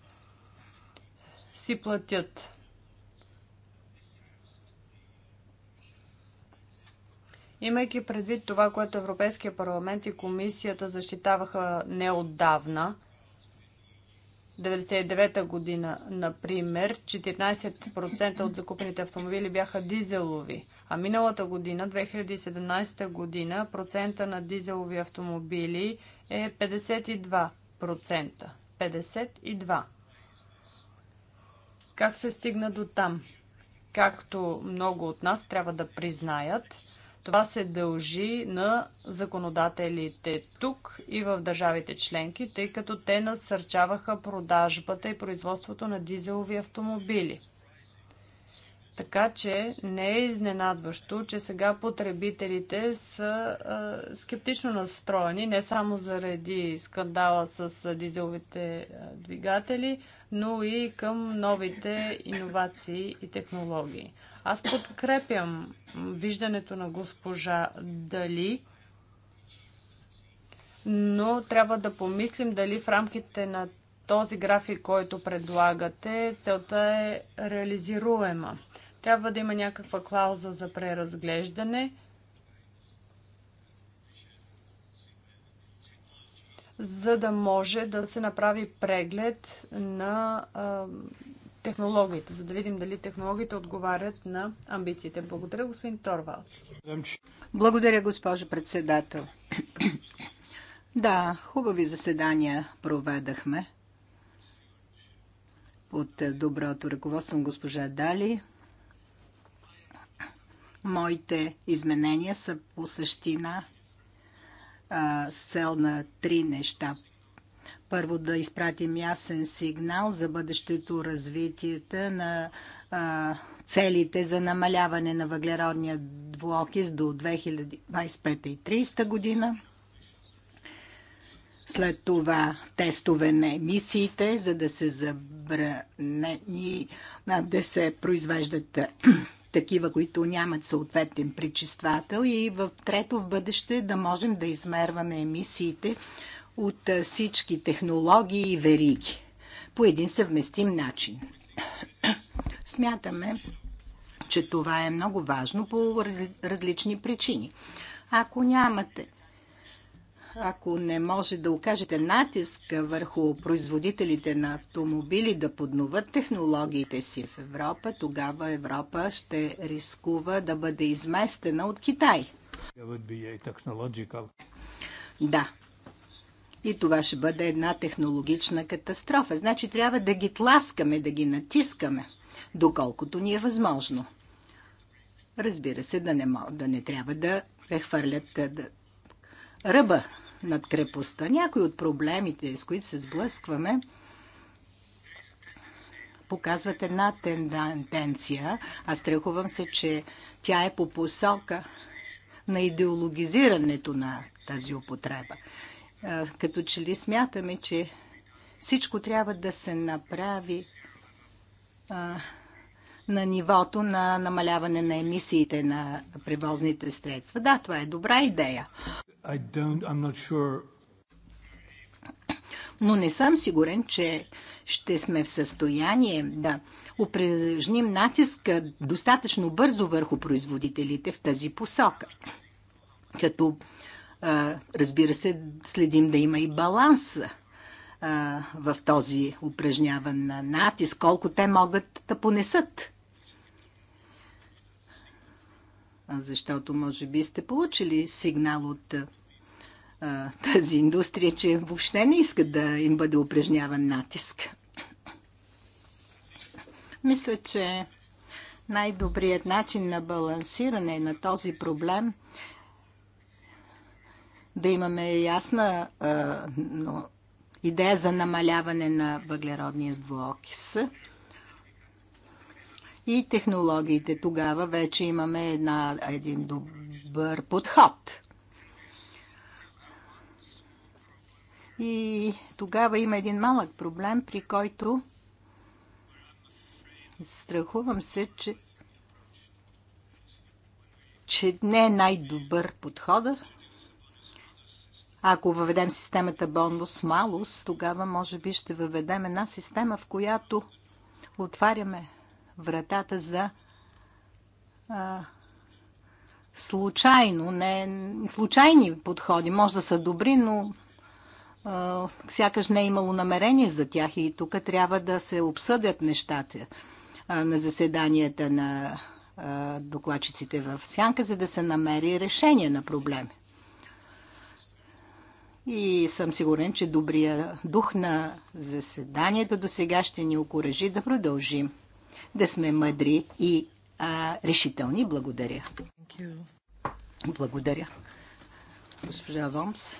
си платят Имайки предвид това, което Европейския парламент и комисията защитаваха неотдавна, 1999 година, например, 14% от закупените автомобили бяха дизелови, а миналата година, 2017 година, процента на дизелови автомобили е 52%. 52%. Как се стигна до там? Както много от нас трябва да признаят – това се дължи на законодателите тук и в държавите членки, тъй като те насърчаваха продажбата и производството на дизелови автомобили. Така че не е изненадващо, че сега потребителите са а, скептично настроени, не само заради скандала с дизеловите двигатели, но и към новите иновации и технологии. Аз подкрепям виждането на госпожа Дали, но трябва да помислим дали в рамките на този график, който предлагате, целта е реализируема. Трябва да има някаква клауза за преразглеждане, за да може да се направи преглед на а, технологиите, за да видим дали технологиите отговарят на амбициите. Благодаря, господин Торвалц. Благодаря, госпожо председател. Да, хубави заседания проведахме под доброто ръководство на госпожа Дали. Моите изменения са по същина а, с цел на три неща. Първо да изпратим ясен сигнал за бъдещето развитието на а, целите за намаляване на въглеродния двуокис до 2025 и 30 година. След това тестове на емисиите, за да се забрани да се произвеждат такива, които нямат съответен причествател. и в трето в бъдеще да можем да измерваме емисиите от всички технологии и вериги по един съвместим начин. Смятаме, че това е много важно по различни причини. Ако нямате ако не може да окажете натиск върху производителите на автомобили да подноват технологиите си в Европа, тогава Европа ще рискува да бъде изместена от Китай. Да. И това ще бъде една технологична катастрофа. Значи трябва да ги тласкаме, да ги натискаме, доколкото ни е възможно. Разбира се, да не, да не трябва да прехвърлят да, ръба над крепостта. Някои от проблемите, с които се сблъскваме, показват една тенденция. Аз страхувам се, че тя е по посока на идеологизирането на тази употреба. Като че ли смятаме, че всичко трябва да се направи а, на нивото на намаляване на емисиите на превозните средства. Да, това е добра идея. I don't, I'm not sure. Но не съм сигурен, че ще сме в състояние да упражним натиска достатъчно бързо върху производителите в тази посока. Като, разбира се, следим да има и баланс в този упражняван натиск, колко те могат да понесат. защото може би сте получили сигнал от а, тази индустрия, че въобще не искат да им бъде упражняван натиск. Мисля, че най-добрият начин на балансиране на този проблем да имаме ясна а, но, идея за намаляване на въглеродния двуокис и технологиите. Тогава вече имаме една, един добър подход. И тогава има един малък проблем, при който страхувам се, че, че не е най-добър подход. Ако въведем системата бонус-малус, тогава може би ще въведем една система, в която отваряме вратата за а, случайно, не, случайни подходи. Може да са добри, но а, сякаш не е имало намерение за тях и тук трябва да се обсъдят нещата а, на заседанията на а, докладчиците в Сянка, за да се намери решение на проблеми. И съм сигурен, че добрия дух на заседанието до сега ще ни окоръжи да продължим да сме мъдри и а, решителни. Благодаря. Благодаря. Госпожа Вомс.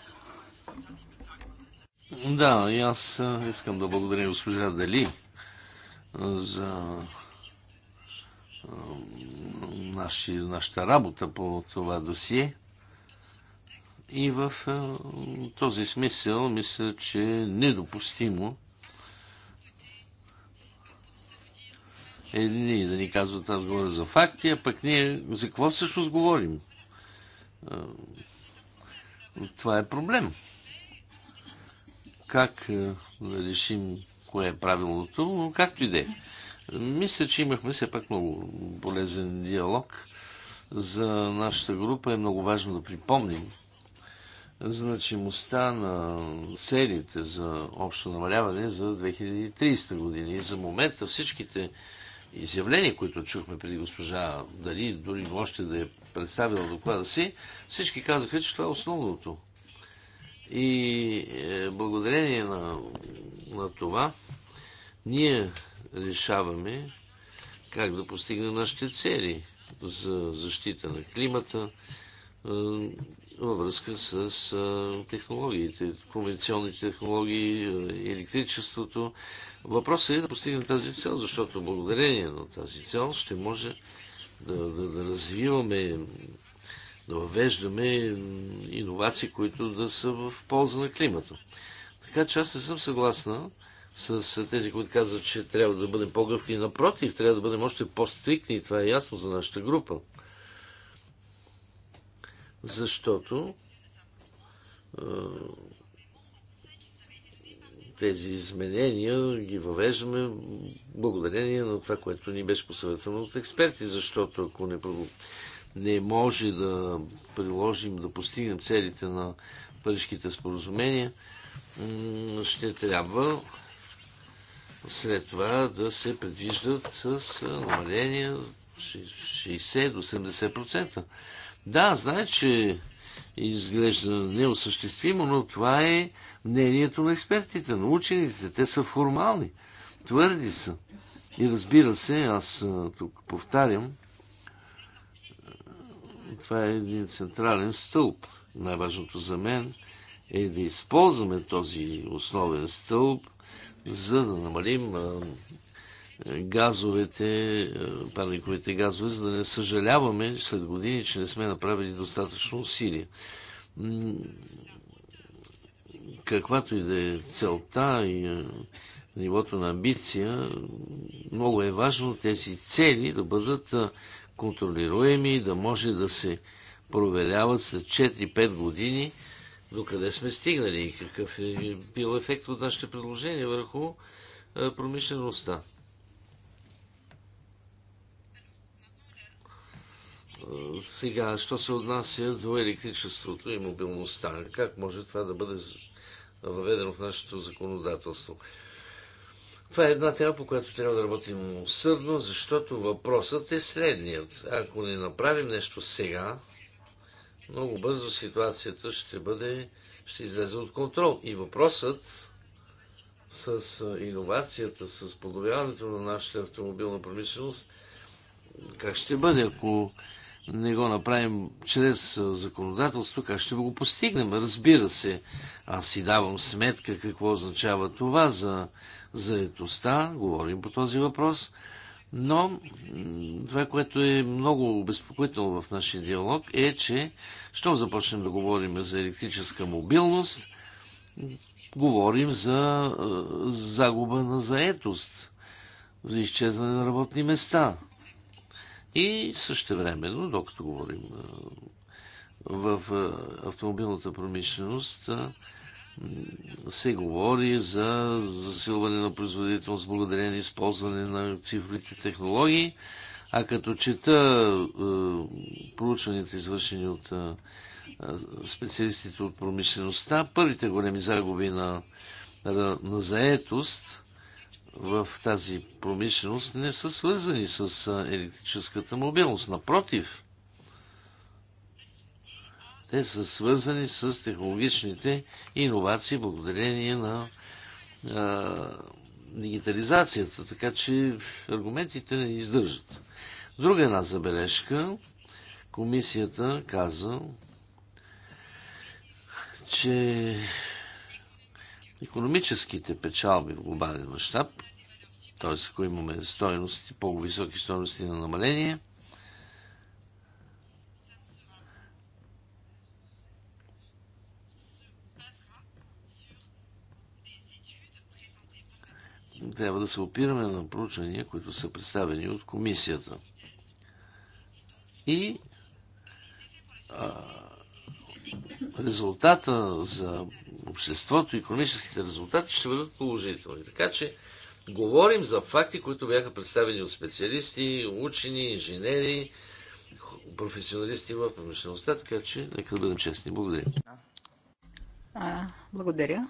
Да, и аз искам да благодаря госпожа Дали за наши, нашата работа по това досие. И в този смисъл мисля, че е недопустимо едни да ни казват, аз говоря за факти, а пък ние за какво всъщност говорим? Това е проблем. Как е, да решим кое е правилното, но както и да е. Мисля, че имахме все пак много полезен диалог. За нашата група е много важно да припомним значимостта на целите за общо намаляване за 2030 година. И за момента всичките изявления, които чухме преди госпожа Дали, дори още да е представила доклада си, всички казаха, че това е основното. И е, благодарение на, на това, ние решаваме как да постигнем нашите цели за защита на климата, е, във връзка с технологиите, конвенционните технологии, електричеството. Въпросът е да постигнем тази цел, защото благодарение на тази цел ще може да, да, да развиваме, да въвеждаме иновации, които да са в полза на климата. Така че аз не съм съгласна с тези, които казват, че трябва да бъдем по-гъвки. Напротив, трябва да бъдем още по-стрикни. Това е ясно за нашата група защото тези изменения ги въвеждаме благодарение на това, което ни беше посъветвано от експерти, защото ако не, не може да приложим, да постигнем целите на парижките споразумения, ще трябва след това да се предвиждат с намаление 60 до 70%. Да, знае, че изглежда неосъществимо, но това е мнението на експертите, на учените. Те са формални, твърди са. И разбира се, аз тук повтарям, това е един централен стълб. Най-важното за мен е да използваме този основен стълб, за да намалим газовете, парниковите газове, за да не съжаляваме след години, че не сме направили достатъчно усилия. Каквато и да е целта и е, нивото на амбиция, много е важно тези цели да бъдат е, контролируеми, да може да се проверяват след 4-5 години до къде сме стигнали и какъв е бил ефект от нашите предложения върху е, промишлеността. Е, сега, що се отнася до електричеството и мобилността, как може това да бъде въведено в нашето законодателство? Това е една тема, по която трябва да работим усърдно, защото въпросът е следният. Ако не направим нещо сега, много бързо ситуацията ще бъде, ще излезе от контрол. И въпросът с е, иновацията, с подобяването на нашата автомобилна промишленост, как ще бъде, ако не го направим чрез законодателство, как ще го постигнем? Разбира се, аз си давам сметка какво означава това за заетостта, говорим по този въпрос, но това, което е много обезпокоително в нашия диалог е, че що започнем да говорим за електрическа мобилност, говорим за загуба на заетост, за изчезване на работни места – и също времено, докато говорим в автомобилната промишленост, се говори за засилване на производителност благодарение на използване на цифровите технологии. А като чета проучванията, извършени от специалистите от промишлеността, първите големи загуби на, на заетост в тази промишленост не са свързани с електрическата мобилност. Напротив, те са свързани с технологичните иновации благодарение на а, дигитализацията, така че аргументите не издържат. Друга една забележка. Комисията каза, че Економическите печалби в глобален мащаб, т.е. ако имаме стоености, по-високи стоености на намаление, трябва да се опираме на проучвания, които са представени от комисията. И а, резултата за обществото, економическите резултати ще бъдат положителни. Така че говорим за факти, които бяха представени от специалисти, учени, инженери, професионалисти в промишлеността, така че нека да бъдем честни. Благодаря. А, благодаря.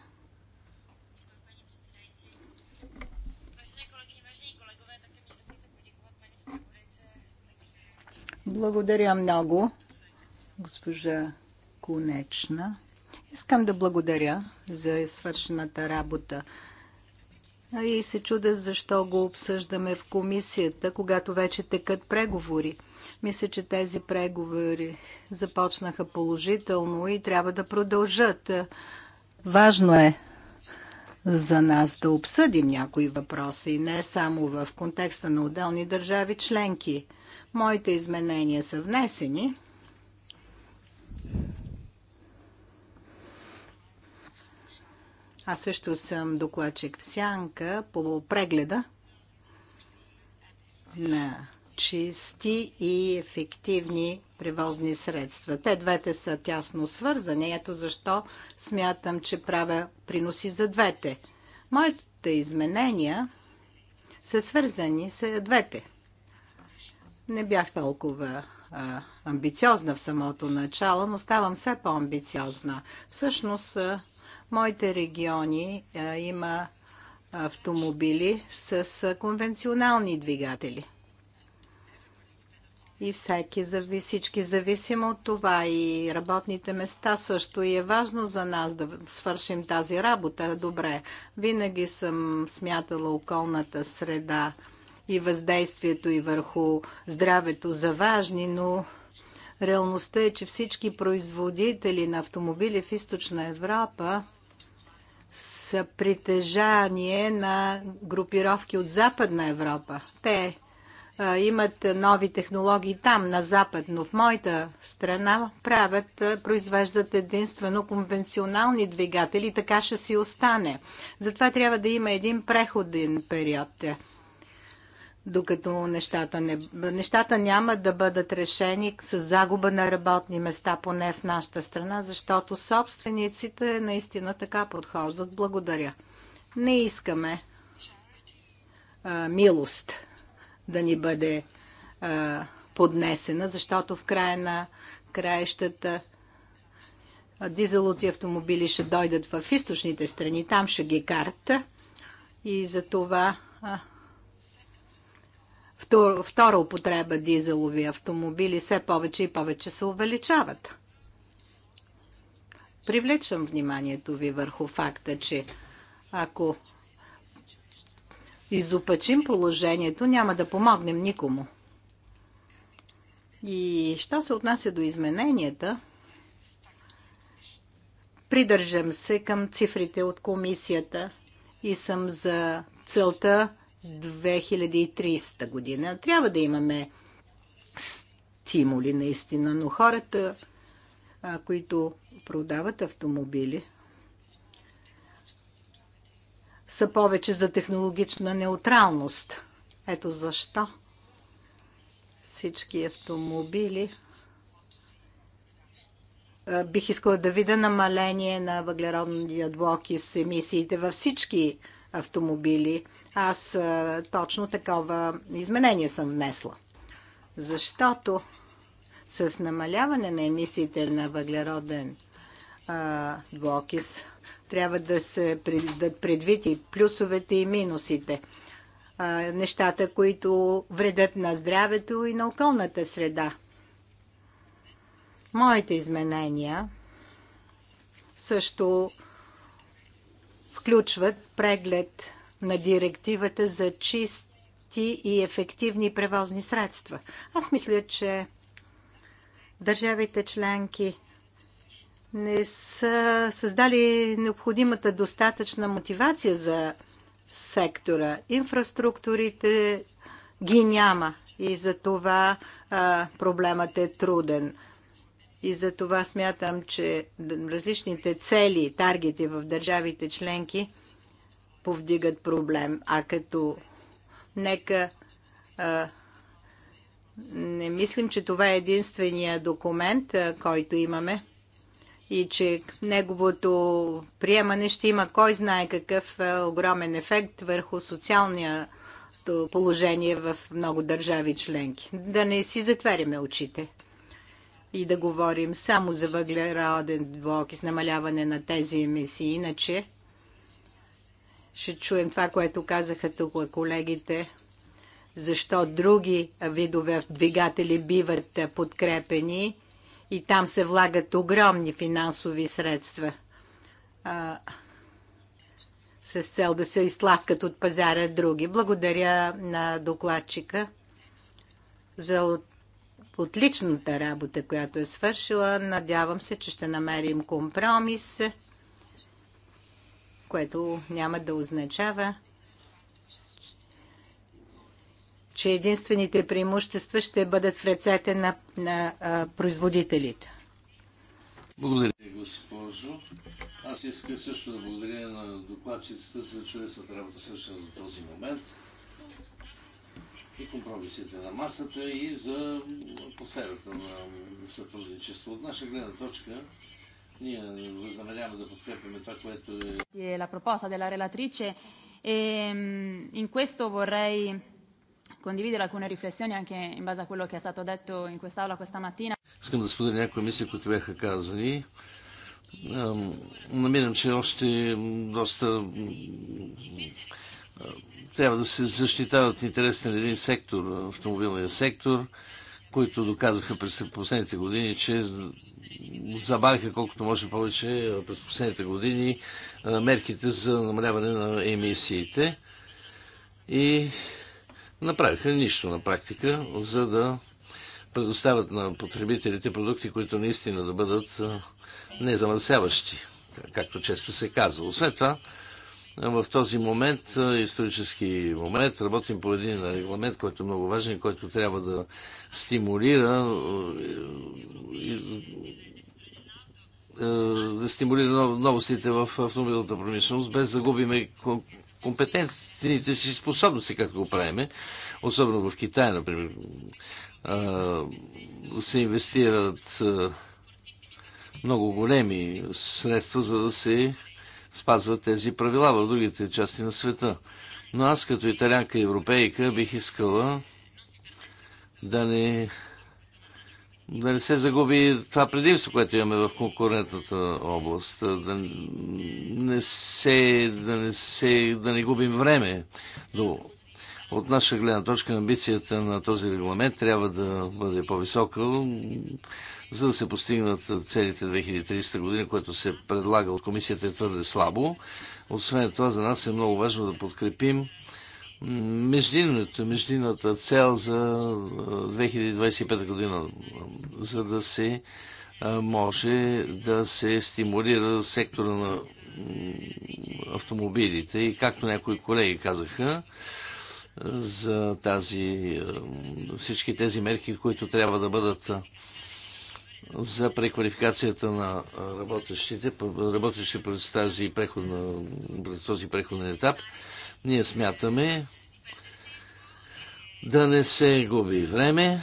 Благодаря много, госпожа Конечна. Искам да благодаря за свършената работа. И се чудя защо го обсъждаме в комисията, когато вече текат преговори. Мисля, че тези преговори започнаха положително и трябва да продължат. Важно е за нас да обсъдим някои въпроси, не само в контекста на отделни държави членки. Моите изменения са внесени – Аз също съм докладчик в Сянка по прегледа на чисти и ефективни превозни средства. Те двете са тясно свързани. Ето защо смятам, че правя приноси за двете. Моите изменения са свързани с двете. Не бях толкова а, амбициозна в самото начало, но ставам все по-амбициозна. Всъщност, а, моите региони а, е, има автомобили с а, е, конвенционални двигатели. И всеки всички зависим от това и работните места също. И е важно за нас да свършим тази работа добре. Винаги съм смятала околната среда и въздействието и върху здравето за важни, но реалността е, че всички производители на автомобили в източна Европа съпритежание притежание на групировки от Западна Европа. Те а, имат нови технологии там, на Запад, но в моята страна правят, а, произвеждат единствено конвенционални двигатели, така ще си остане. Затова трябва да има един преходен период докато нещата, не, нещата няма да бъдат решени с загуба на работни места, поне в нашата страна, защото собствениците наистина така подхождат. Благодаря. Не искаме а, милост да ни бъде а, поднесена, защото в края на краищата дизелови автомобили ще дойдат в източните страни, там ще ги карта, и за това а, втора употреба дизелови автомобили все повече и повече се увеличават. Привлечам вниманието ви върху факта, че ако изопачим положението, няма да помогнем никому. И що се отнася до измененията, придържам се към цифрите от комисията и съм за целта 2300 година. Трябва да имаме стимули наистина, но хората, които продават автомобили, са повече за технологична неутралност. Ето защо всички автомобили бих искала да видя намаление на въглеродния двуокис емисиите във всички автомобили аз точно такова изменение съм внесла. Защото с намаляване на емисиите на въглероден а, двуокис трябва да се дадат предвид и плюсовете и минусите. А, нещата, които вредят на здравето и на околната среда. Моите изменения също включват преглед на директивата за чисти и ефективни превозни средства. Аз мисля, че държавите членки не са създали необходимата достатъчна мотивация за сектора. Инфраструктурите ги няма и за това а, проблемът е труден. И за това смятам, че различните цели, таргети в държавите членки – повдигат проблем. А като нека а, не мислим, че това е единствения документ, а, който имаме и че неговото приемане ще има кой знае какъв а, огромен ефект върху социалния положение в много държави членки. Да не си затваряме очите и да говорим само за въглероден двуокис, намаляване на тези емисии, иначе ще чуем това, което казаха тук колегите, защо други видове двигатели биват подкрепени и там се влагат огромни финансови средства а, с цел да се изтласкат от пазара други. Благодаря на докладчика за отличната работа, която е свършила. Надявам се, че ще намерим компромис което няма да означава, че единствените преимущества ще бъдат в ръцете на, на а, производителите. Благодаря, ви, госпожо. Аз исках също да благодаря на докладчицата за чудесната работа свършена до този момент и компромисите на масата и за последата на сътрудничество. От наша гледна точка ние възнамеряваме да подкрепяме това, което е... е la proposta della relatrice e in questo vorrei condividere alcune riflessioni anche in base a quello che è stato detto in quest'aula questa mattina. Искам да споделя някои мисли, които бяха казани. Намирам, че още доста трябва да се защитават интересите на един сектор, автомобилния сектор, които доказаха през последните години, че забавиха колкото може повече през последните години мерките за намаляване на емисиите и направиха нищо на практика, за да предоставят на потребителите продукти, които наистина да бъдат незамърсяващи, както често се казва. Освен това, в този момент, исторически момент, работим по един регламент, който е много важен, който трябва да стимулира да стимулира новостите в автомобилната промишленост, без да губиме компетентните си способности, както го правиме. Особено в Китай, например, се инвестират много големи средства, за да се спазват тези правила в другите части на света. Но аз като италянка и европейка бих искала да не, да не се загуби това предимство, което имаме в конкурентната област, да не, се, да не, се, да не губим време. До, от наша гледна точка амбицията на този регламент трябва да бъде по-висока за да се постигнат целите 2300 година, което се предлага от комисията е твърде слабо. Освен това, за нас е много важно да подкрепим междинната, междинната цел за 2025 година, за да се може да се стимулира сектора на автомобилите и както някои колеги казаха, за тази, всички тези мерки, които трябва да бъдат за преквалификацията на работещите, работещи през, тази преходна, през този преходен етап, ние смятаме да не се губи време.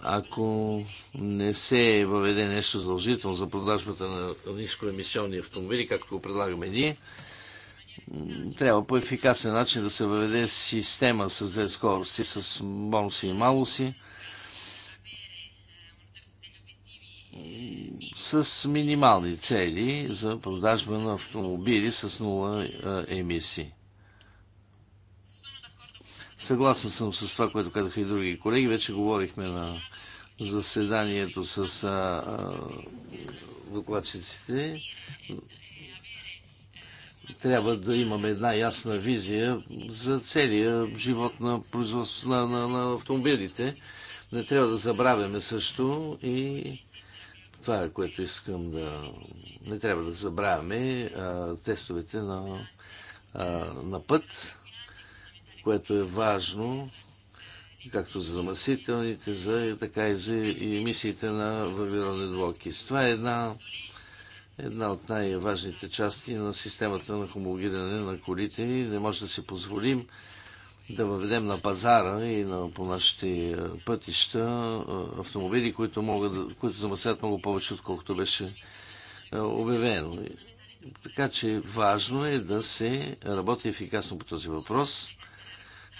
Ако не се въведе нещо задължително за продажбата на нискоемисионни автомобили, както го предлагаме ние, трябва по ефикасен начин да се въведе система с две скорости, с бонуси и малуси, с минимални цели за продажба на автомобили с нула емисии. Съгласен съм с това, което казаха и други колеги. Вече говорихме на заседанието с а, а, докладчиците трябва да имаме една ясна визия за целия живот на производство на, на, на автомобилите. Не трябва да забравяме също и това е което искам да... Не трябва да забравяме а, тестовете на, а, на път, което е важно както за замърсителните, за, така и за емисиите на въглероден двуокис. Това е една една от най-важните части на системата на хомологиране на колите и не може да си позволим да въведем на пазара и на, по нашите е, пътища е, автомобили, които, могат, които замърсят много повече, отколкото беше е, обявено. Така че важно е да се работи ефикасно по този въпрос.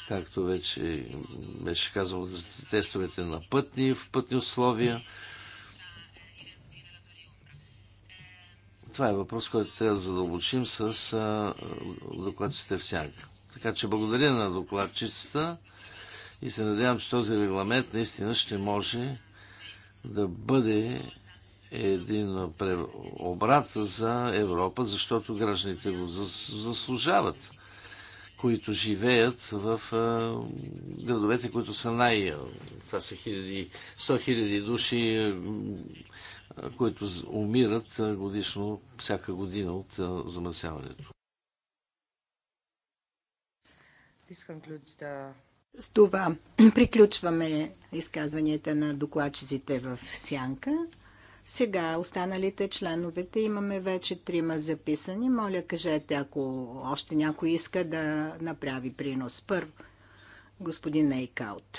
Както вече беше казано, за тестовете на пътни, в пътни условия. Това е въпрос, който трябва да задълбочим с а, докладчите в сянка. Така че благодаря на докладчицата и се надявам, че този регламент наистина ще може да бъде един обрат за Европа, защото гражданите го заслужават, които живеят в градовете, които са най... Това са хиляди, 100 хиляди души, които умират годишно, всяка година от замърсяването. С това приключваме изказванията на докладчиците в Сянка. Сега останалите членовете имаме вече трима записани. Моля, кажете, ако още някой иска да направи принос. Първо, господин Нейкаут.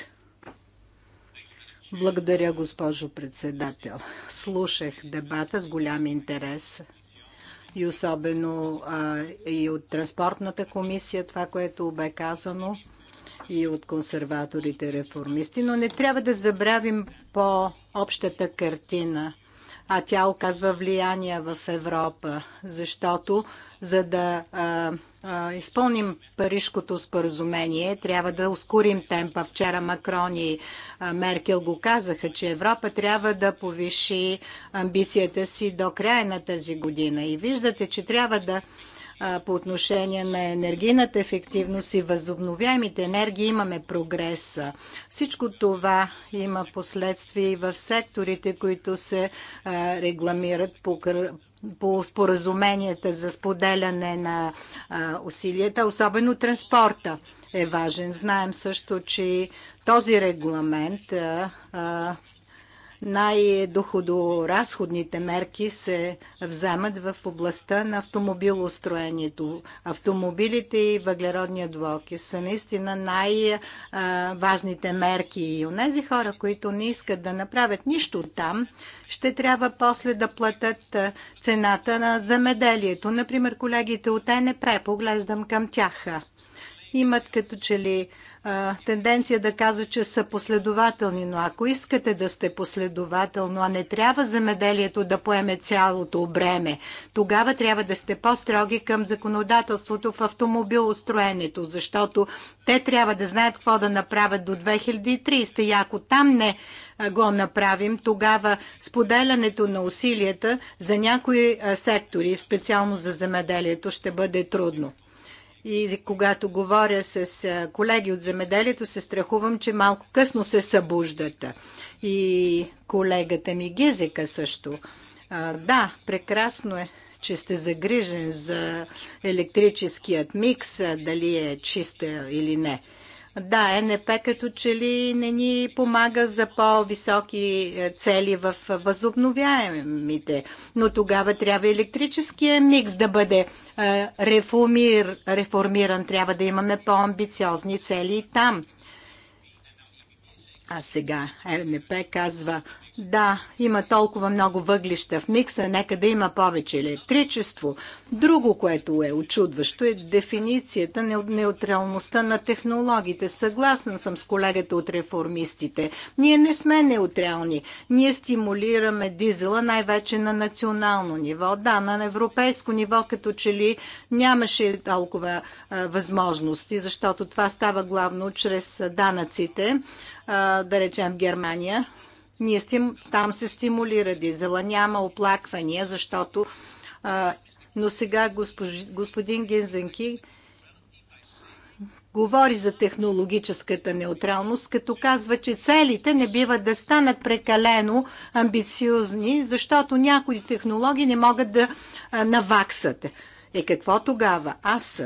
Благодаря, госпожо председател. Слушах дебата с голям интерес и особено а, и от Транспортната комисия, това, което бе казано, и от консерваторите реформисти. Но не трябва да забравим по-общата картина, а тя оказва влияние в Европа, защото за да а, изпълним Парижкото споразумение, трябва да ускорим темпа. Вчера Макрон и Меркел го казаха, че Европа трябва да повиши амбицията си до края на тази година. И виждате, че трябва да по отношение на енергийната ефективност и възобновяемите енергии имаме прогреса. Всичко това има последствия и в секторите, които се регламират по по споразуменията за споделяне на а, усилията, особено транспорта е важен. Знаем също, че този регламент а, а, най-доходоразходните мерки се вземат в областта на автомобилостроението. Автомобилите и въглеродния двоки са наистина най-важните мерки. И онези хора, които не искат да направят нищо там, ще трябва после да платят цената на замеделието. Например, колегите от НП, поглеждам към тях, имат като че ли тенденция да казва, че са последователни, но ако искате да сте последователно, а не трябва замеделието да поеме цялото бреме, тогава трябва да сте по-строги към законодателството в автомобилостроенето, защото те трябва да знаят какво да направят до 2030 и ако там не го направим, тогава споделянето на усилията за някои сектори, специално за земеделието, ще бъде трудно. И когато говоря с колеги от земеделието, се страхувам, че малко късно се събуждат. И колегата ми Гизика също. А, да, прекрасно е, че сте загрижен за електрическият микс, дали е чист или не. Да, НП като че ли не ни помага за по-високи е, цели в възобновяемите, но тогава трябва електрическия микс да бъде е, реформир, реформиран, трябва да имаме по-амбициозни цели и там. А сега НП казва, да, има толкова много въглища в микса, нека да има повече електричество. Друго, което е очудващо, е дефиницията на неутралността на технологиите. Съгласна съм с колегата от реформистите. Ние не сме неутрални. Ние стимулираме дизела най-вече на национално ниво. Да, на европейско ниво, като че ли нямаше толкова а, възможности, защото това става главно чрез данъците, а, да речем в Германия ние стим, там се стимулира дизела. Няма оплаквания, защото... А, но сега госпожи, господин Гензенки говори за технологическата неутралност, като казва, че целите не биват да станат прекалено амбициозни, защото някои технологии не могат да наваксат. Е какво тогава? Аз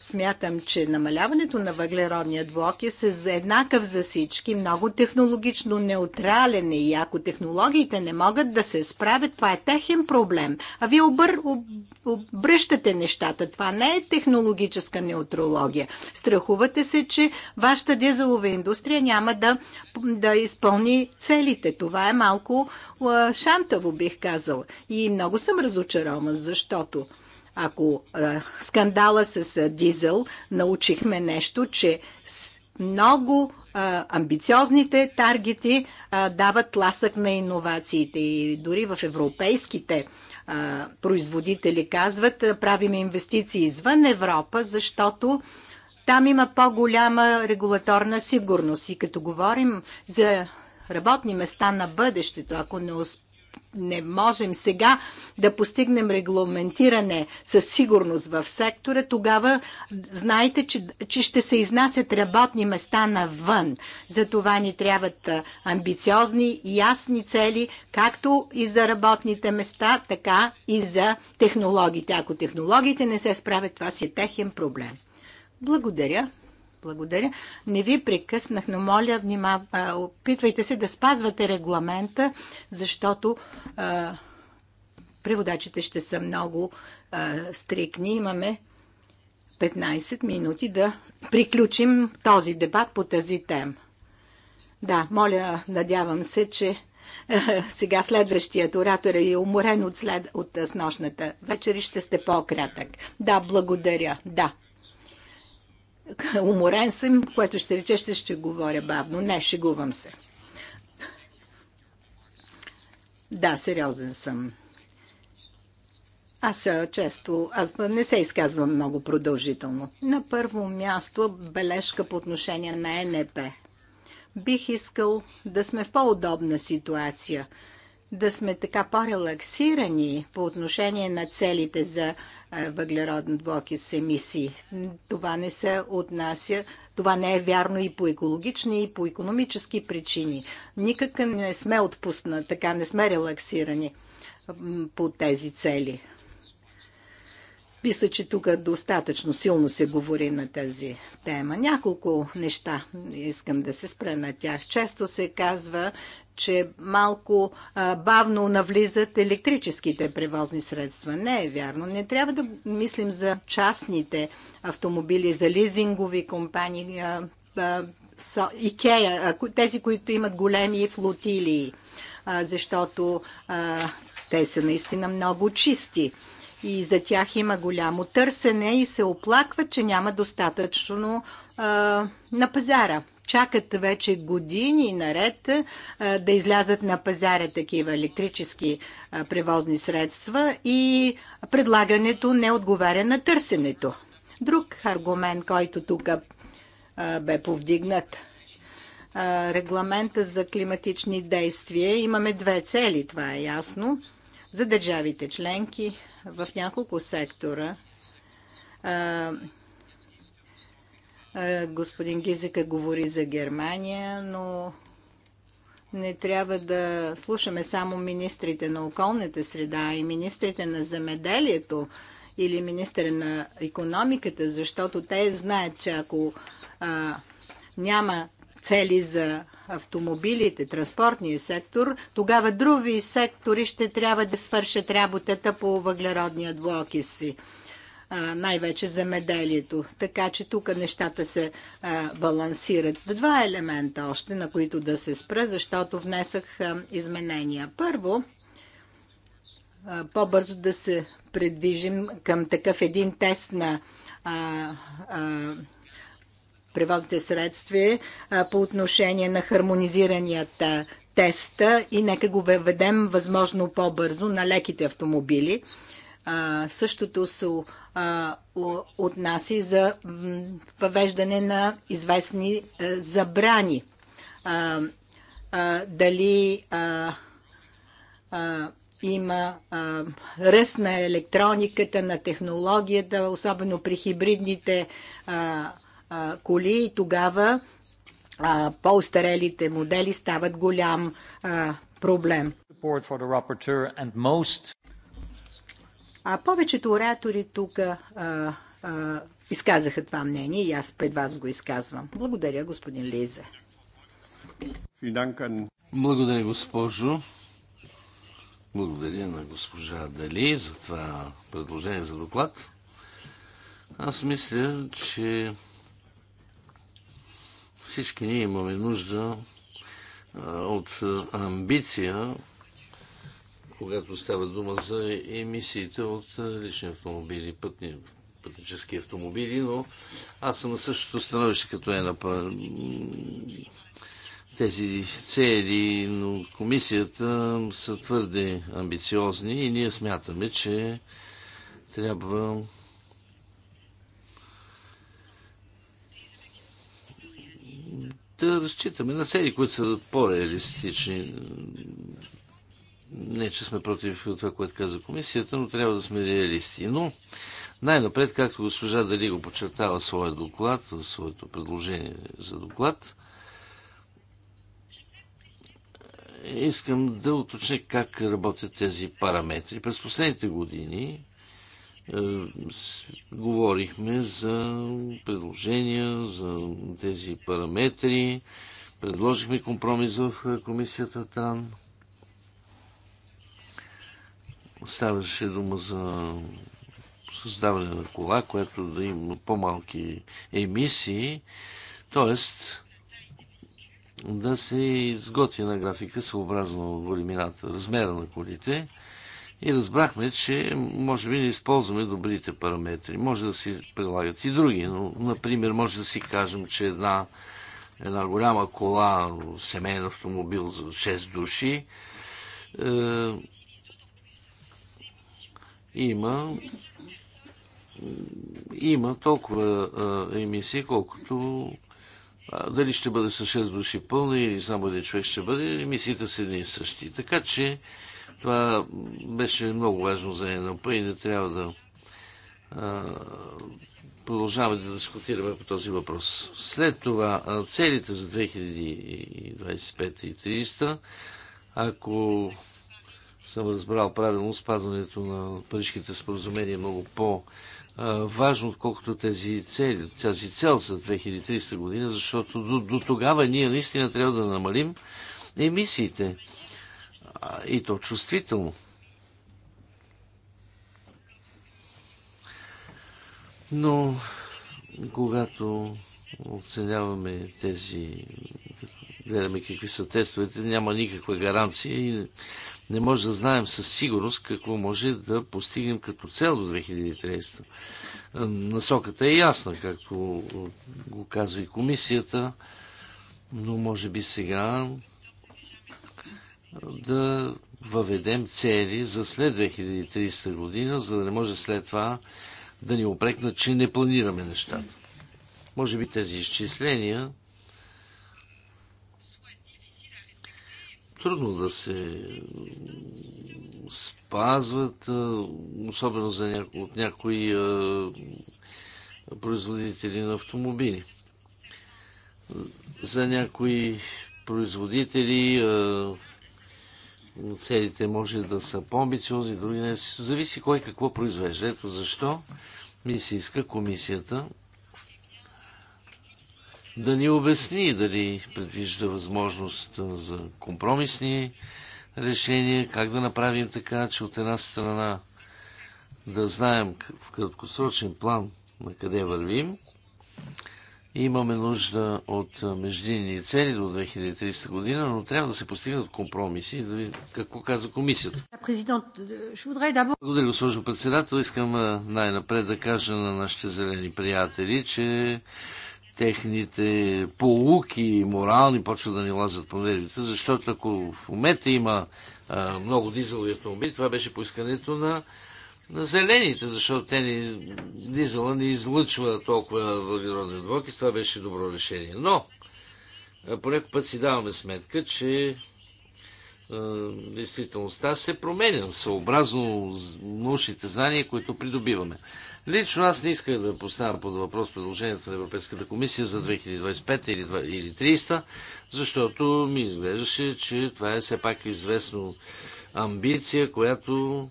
Смятам, че намаляването на въглеродния блок е с еднакъв за всички, много технологично неутрален е и ако технологиите не могат да се справят, това е техен проблем. А вие обър, об, обръщате нещата. Това не е технологическа неутрология. Страхувате се, че вашата дизелова индустрия няма да, да изпълни целите. Това е малко шантаво, бих казал. И много съм разочарован, защото ако а, скандала с а, дизел научихме нещо, че много а, амбициозните таргети а, дават ласък на иновациите и дори в европейските а, производители казват, а, правим инвестиции извън Европа, защото там има по-голяма регулаторна сигурност. И като говорим за работни места на бъдещето, ако не успеем, не можем сега да постигнем регламентиране със сигурност в сектора, тогава знаете, че, че ще се изнасят работни места навън. За това ни трябват амбициозни и ясни цели, както и за работните места, така и за технологиите. Ако технологиите не се справят, това си е техен проблем. Благодаря. Благодаря. Не ви прекъснах, но моля, внима, опитвайте се да спазвате регламента, защото а, преводачите ще са много а, стрикни. Имаме 15 минути да приключим този дебат по тази тема. Да, моля, надявам се, че сега следващият оратор е уморен от, след, от снощната вечер и ще сте по-кратък. Да, благодаря. Да, Уморен съм, което ще рече, ще, ще говоря бавно. Не, шегувам се. Да, сериозен съм. Аз често, аз не се изказвам много продължително. На първо място бележка по отношение на НП. Бих искал да сме в по-удобна ситуация, да сме така по-релаксирани по отношение на целите за е, въглероден двуокис емисии. Това не се отнася това не е вярно и по екологични, и по економически причини. Никак не сме отпусна, така не сме релаксирани по тези цели. Мисля, че тук достатъчно силно се говори на тази тема. Няколко неща искам да се спра на тях. Често се казва, че малко а, бавно навлизат електрическите превозни средства. Не е вярно. Не трябва да мислим за частните автомобили, за лизингови компании, а, а, са, Икея, а, тези, които имат големи флотилии, а, защото а, те са наистина много чисти и за тях има голямо търсене и се оплакват, че няма достатъчно а, на пазара чакат вече години наред да излязат на пазара такива електрически превозни средства и предлагането не отговаря на търсенето. Друг аргумент, който тук бе повдигнат. Регламента за климатични действия. Имаме две цели, това е ясно, за държавите членки в няколко сектора Господин Гизека говори за Германия, но не трябва да слушаме само министрите на околната среда и министрите на земеделието или министре на економиката, защото те знаят, че ако а, няма цели за автомобилите, транспортния сектор, тогава други сектори ще трябва да свършат работата по въглеродния двуокис си най-вече земеделието. Така че тук нещата се а, балансират. Два елемента още, на които да се спра, защото внесах а, изменения. Първо, по-бързо да се предвижим към такъв един тест на а, а, превозните средства по отношение на хармонизираният тест, и нека го введем възможно по-бързо на леките автомобили същото се отнася за въвеждане на известни е, забрани. дали има ръст на електрониката, на технологията, особено при хибридните коли и тогава по-устарелите модели стават голям проблем. А повечето оратори тук а, а, изказаха това мнение и аз пред вас го изказвам. Благодаря, господин Лизе. Благодаря, госпожо. Благодаря на госпожа Дали за това предложение за доклад. Аз мисля, че всички ние имаме нужда от амбиция когато става дума за емисиите от е, лични автомобили, пътни, пътнически автомобили, но аз съм на същото становище като е на тези цели, но комисията са твърде амбициозни и ние смятаме, че трябва да разчитаме на цели, които са по-реалистични не, че сме против това, което каза комисията, но трябва да сме реалисти. Но най-напред, както госпожа Дали го подчертава своят своя доклад, своето предложение за доклад, искам да уточня как работят тези параметри. През последните години е, говорихме за предложения, за тези параметри, предложихме компромис в е, комисията Тран. Ставаше дума за създаване на кола, което да има по-малки емисии, т.е. да се изготви на графика съобразно големината, размера на колите и разбрахме, че може би не използваме добрите параметри. Може да се прилагат и други, но, например, може да си кажем, че една, една голяма кола, семейен автомобил за 6 души, е, има има толкова а, емисии, колкото а, дали ще бъде с 6 души пълна или само един човек ще бъде, емисиите са едни и същи. Така че това беше много важно за НЛП и не трябва да а, продължаваме да дискутираме по този въпрос. След това а, целите за 2025 и 2030, ако съм разбрал правилно, спазването на парижките споразумения е много по- важно, отколкото тези цели, тази цел за 2030 година, защото до, до тогава ние наистина трябва да намалим емисиите. и то чувствително. Но когато оценяваме тези, гледаме какви са тестовете, няма никаква гаранция и не може да знаем със сигурност какво може да постигнем като цел до 2030. Насоката е ясна, както го казва и комисията, но може би сега да въведем цели за след 2030 година, за да не може след това да ни опрекнат, че не планираме нещата. Може би тези изчисления трудно да се спазват, особено за няко, от някои а, производители на автомобили. За някои производители а, целите може да са по-амбициозни, други не. Зависи кой какво произвежда. Ето защо ми се иска комисията да ни обясни дали предвижда възможност за компромисни решения, как да направим така, че от една страна да знаем в краткосрочен план на къде вървим. Имаме нужда от междинни цели до 2300 година, но трябва да се постигнат компромиси, да ви, какво каза комисията. Euh, Благодаря, госпожо председател. Искам най-напред да кажа на нашите зелени приятели, че техните полуки и морални почват да ни лазят по нервите, защото ако в момента има а, много дизелови автомобили, това беше поискането на, на зелените, защото те ни, дизела не излъчва толкова въглероден двокис, това беше добро решение. Но, някакъв път си даваме сметка, че действителността се променя съобразно научните знания, които придобиваме. Лично аз не исках да поставям под въпрос предложението на Европейската комисия за 2025 или 2030, защото ми изглеждаше, че това е все пак известно амбиция, която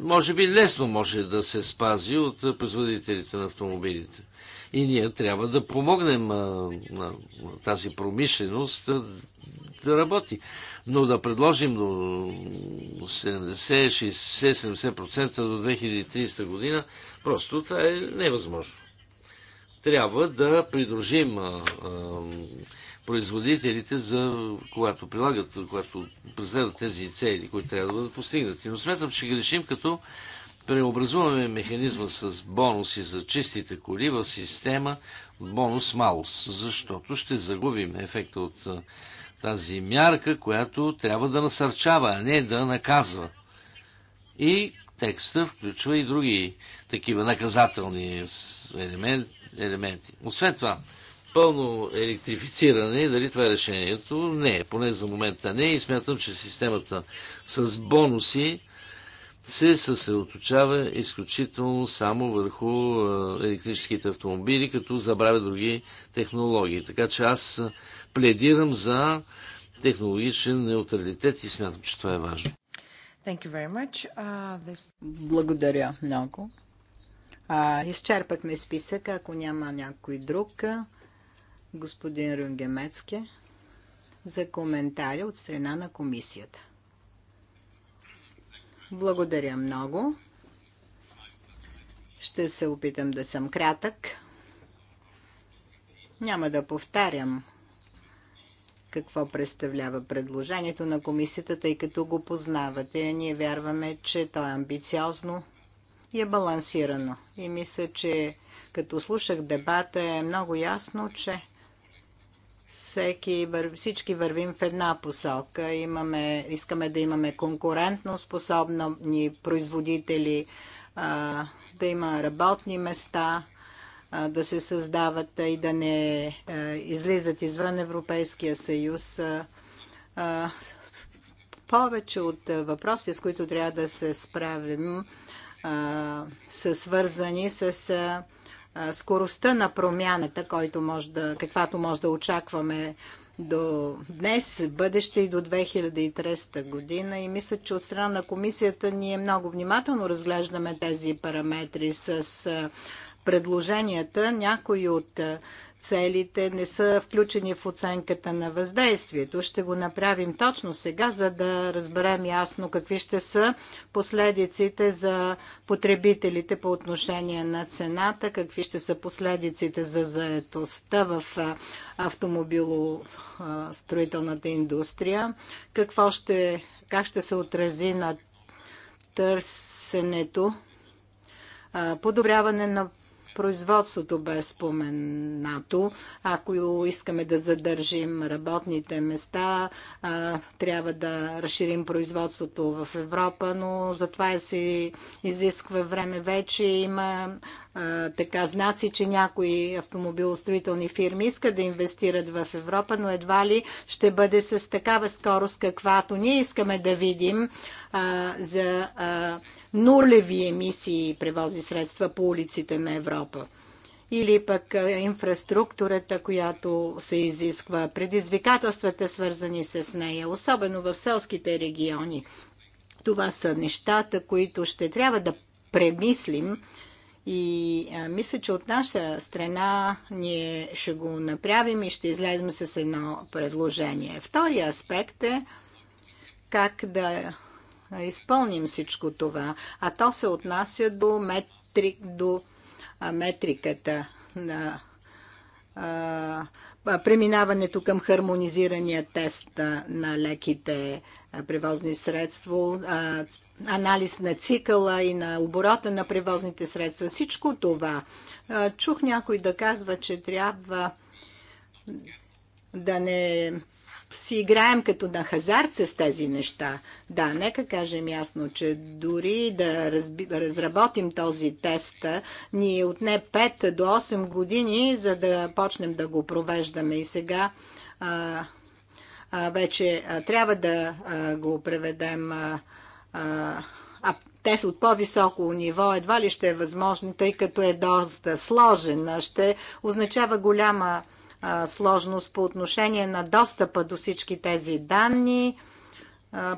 може би лесно може да се спази от производителите на автомобилите. И ние трябва да помогнем на тази промишленост да работи но да предложим до 70-60-70% до 2030 година, просто това е невъзможно. Трябва да придружим а, а, производителите, за, когато прилагат, когато преследват тези цели, които трябва да бъдат постигнати. Но смятам, че грешим като преобразуваме механизма с бонуси за чистите коли в система бонус-малус, защото ще загубим ефекта от тази мярка, която трябва да насърчава, а не да наказва. И текста включва и други такива наказателни елемент, елементи. Освен това, пълно електрифициране, дали това е решението? Не, поне за момента не. И смятам, че системата с бонуси се съсредоточава изключително само върху електрическите автомобили, като забравя други технологии. Така че аз пледирам за технологичен неутралитет и смятам, че това е важно. Uh, this... Благодаря много. А, изчерпахме списък, ако няма някой друг, господин Рунгемецке, за коментари от страна на комисията. Благодаря много. Ще се опитам да съм кратък. Няма да повтарям какво представлява предложението на комисията, тъй като го познавате. Ние вярваме, че то е амбициозно и е балансирано. И мисля, че като слушах дебата е много ясно, че всеки, всички вървим в една посока. Имаме, искаме да имаме конкурентно способни производители, да има работни места да се създават и да не излизат извън Европейския съюз. Повече от въпросите, с които трябва да се справим, са свързани с скоростта на промяната, който може да, каквато може да очакваме до днес, бъдеще и до 2030 година. И мисля, че от страна на комисията ние много внимателно разглеждаме тези параметри с предложенията, някои от целите не са включени в оценката на въздействието. Ще го направим точно сега, за да разберем ясно какви ще са последиците за потребителите по отношение на цената, какви ще са последиците за заетостта в автомобилостроителната индустрия, какво ще, как ще се отрази на търсенето, подобряване на Производството бе споменато. Ако искаме да задържим работните места, трябва да разширим производството в Европа, но за това се изисква време вече. Има така знаци, че някои автомобилостроителни фирми искат да инвестират в Европа, но едва ли ще бъде с такава скорост, каквато ние искаме да видим за а, нулеви емисии превози средства по улиците на Европа. Или пък инфраструктурата, която се изисква, предизвикателствата свързани с нея, особено в селските региони. Това са нещата, които ще трябва да премислим, и а, мисля, че от наша страна ние ще го направим и ще излезем с едно предложение. Втория аспект е как да изпълним всичко това. А то се отнася до, метрик, до метриката на преминаването към хармонизирания тест на леките превозни средства, анализ на цикъла и на оборота на превозните средства. Всичко това. Чух някой да казва, че трябва да не си играем като на хазарт с тези неща. Да, нека кажем ясно, че дори да разби, разработим този тест, ни отне 5 до 8 години, за да почнем да го провеждаме. И сега а, а, вече а, трябва да а, го преведем. А, а, а те са от по-високо ниво, едва ли ще е възможно, тъй като е доста сложен, ще означава голяма сложност по отношение на достъпа до всички тези данни.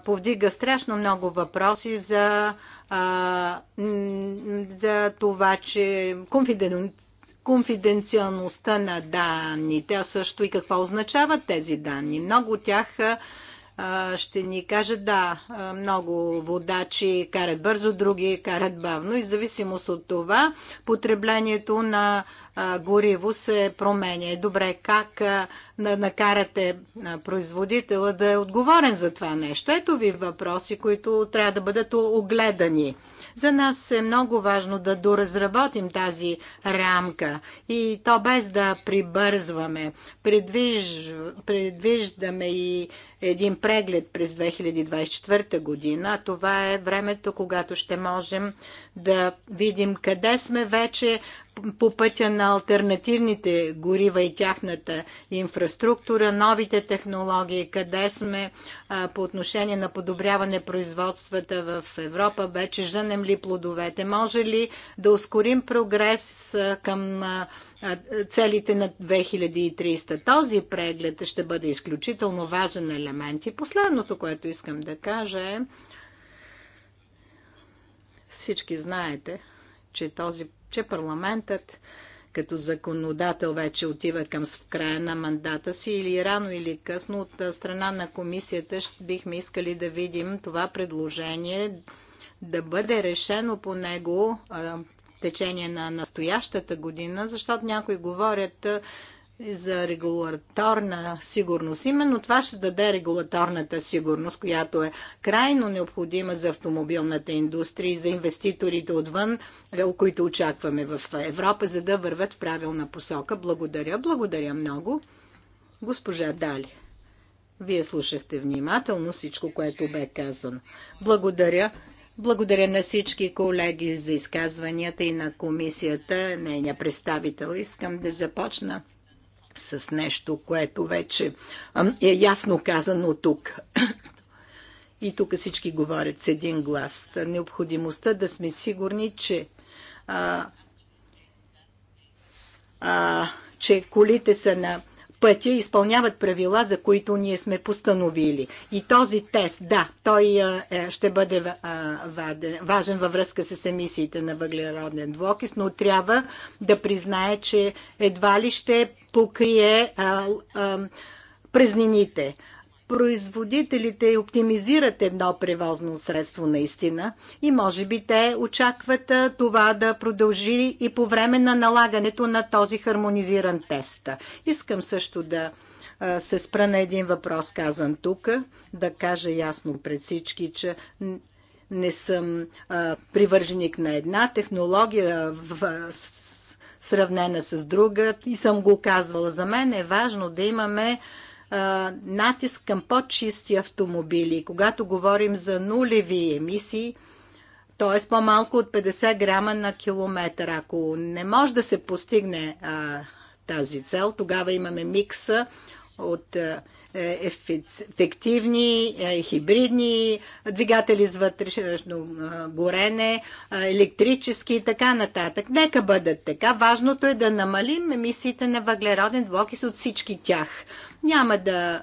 Повдига страшно много въпроси за, за това, че конфиденциалността на данните, а също и какво означават тези данни. Много от тях ще ни кажат да, много водачи карат бързо, други карат бавно и в зависимост от това потреблението на гориво се променя. Е, добре, как накарате производителя да е отговорен за това нещо? Ето ви въпроси, които трябва да бъдат огледани. За нас е много важно да доразработим тази рамка и то без да прибързваме. предвиждаме и един преглед през 2024 година. Това е времето, когато ще можем да видим къде сме вече по пътя на альтернативните горива и тяхната инфраструктура, новите технологии, къде сме а, по отношение на подобряване производствата в Европа, вече женем ли плодовете, може ли да ускорим прогрес а, към а, целите на 2300. Този преглед ще бъде изключително важен елемент. И последното, което искам да кажа е, всички знаете, че, този, че парламентът като законодател вече отива към края на мандата си или рано или късно от страна на комисията ще бихме искали да видим това предложение да бъде решено по него течение на настоящата година, защото някои говорят за регулаторна сигурност. Именно това ще даде регулаторната сигурност, която е крайно необходима за автомобилната индустрия и за инвеститорите отвън, е, които очакваме в Европа, за да вървят в правилна посока. Благодаря, благодаря много. Госпожа Дали, вие слушахте внимателно всичко, което бе казано. Благодаря. Благодаря на всички колеги за изказванията и на комисията, нейния представител. Искам да започна с нещо, което вече е ясно казано тук. И тук всички говорят с един глас. Необходимостта да сме сигурни, че, а, а, че колите са на пътя изпълняват правила, за които ние сме постановили. И този тест, да, той е, е, ще бъде важен във връзка с емисиите на въглероден двокис, но трябва да признае, че едва ли ще покрие а, а, празнините производителите оптимизират едно превозно средство наистина и може би те очакват това да продължи и по време на налагането на този хармонизиран тест. Искам също да се спра на един въпрос, казан тук, да кажа ясно пред всички, че не съм а, привърженик на една технология, в, сравнена с друга, и съм го казвала. За мен е важно да имаме натиск към по-чисти автомобили. Когато говорим за нулеви емисии, т.е. по-малко от 50 грама на километър. Ако не може да се постигне а, тази цел, тогава имаме микса от а, е, ефективни, а, хибридни двигатели с вътрешно горене, а, електрически и така нататък. Нека бъдат така. Важното е да намалим емисиите на въглероден двуокис от всички тях. Няма да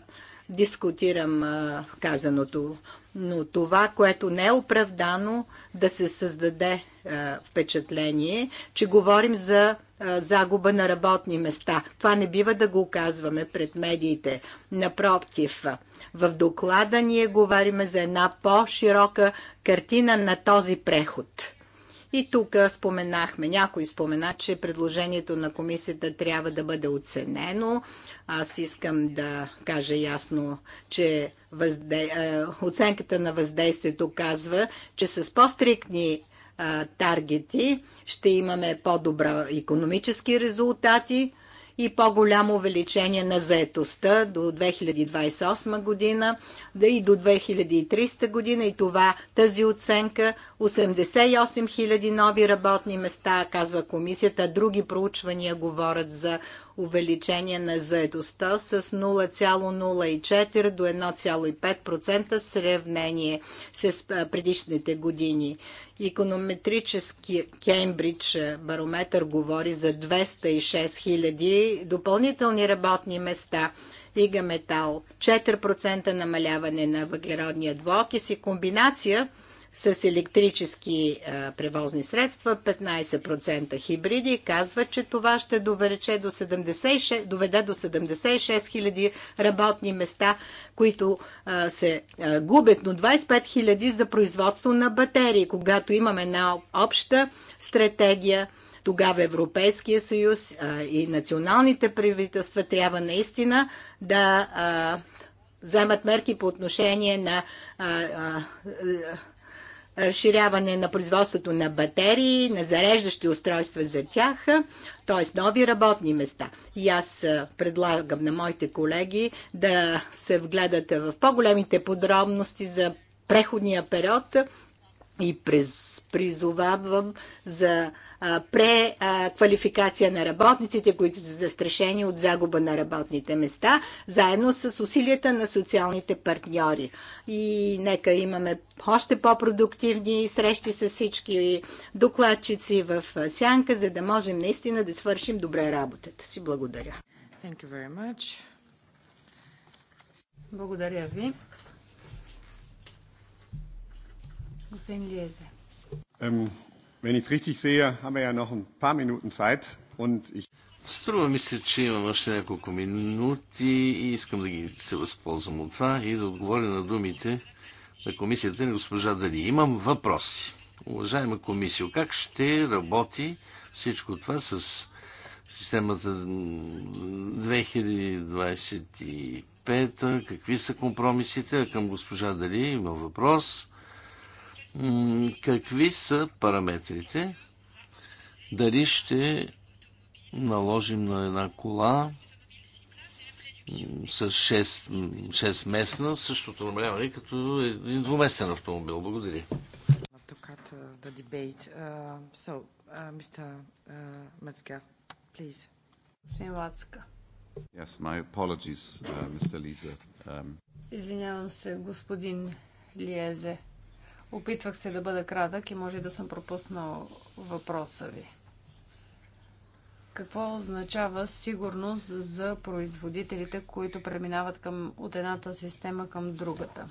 дискутирам а, казаното, но това, което не е оправдано да се създаде а, впечатление, че говорим за а, загуба на работни места. Това не бива да го оказваме пред медиите. Напротив, в доклада ние говорим за една по-широка картина на този преход. И тук споменахме, някой спомена, че предложението на комисията трябва да бъде оценено. Аз искам да кажа ясно, че възде... Е, оценката на въздействието казва, че с по-стрикни е, таргети ще имаме по-добра економически резултати, и по-голямо увеличение на заетостта до 2028 година, да и до 2300 година и това тази оценка 88 000 нови работни места, казва комисията, други проучвания говорят за увеличение на заедостта с 0,04 до 1,5% сравнение с предишните години. Економетрически Кембридж барометър говори за 206 000 допълнителни работни места Лига Метал 4% намаляване на въглеродния двуокис и комбинация – с електрически а, превозни средства, 15% хибриди. Казва, че това ще доведе до 76, доведе до 76 000 работни места, които а, се а, губят, но 25 000 за производство на батерии. Когато имаме една обща стратегия, тогава Европейския съюз а, и националните правителства трябва наистина да а, вземат мерки по отношение на а, а, разширяване на производството на батерии, на зареждащи устройства за тях, т.е. нови работни места. И аз предлагам на моите колеги да се вгледат в по-големите подробности за преходния период, и призовавам за преквалификация на работниците, които са застрашени от загуба на работните места, заедно с усилията на социалните партньори. И нека имаме още по-продуктивни срещи с всички докладчици в сянка, за да можем наистина да свършим добре работата си. Благодаря. Благодаря ви. Господин Лиезе. Ähm, wenn ich richtig sehe, haben wir ja noch ein paar Minuten Zeit und ich... Струва ми се, че имам още няколко минути и искам да ги се възползвам от това и да отговоря на думите на комисията на госпожа Дали. Имам въпроси. Уважаема комисия, как ще работи всичко това с системата 2025? Какви са компромисите? Към госпожа Дали има въпрос какви са параметрите? Дали ще наложим на една кола с 6, местна същото намаляване като един двуместен автомобил. Благодаря. Извинявам се, господин Лиезе. Опитвах се да бъда кратък и може да съм пропуснал въпроса ви. Какво означава сигурност за производителите, които преминават към, от едната система към другата?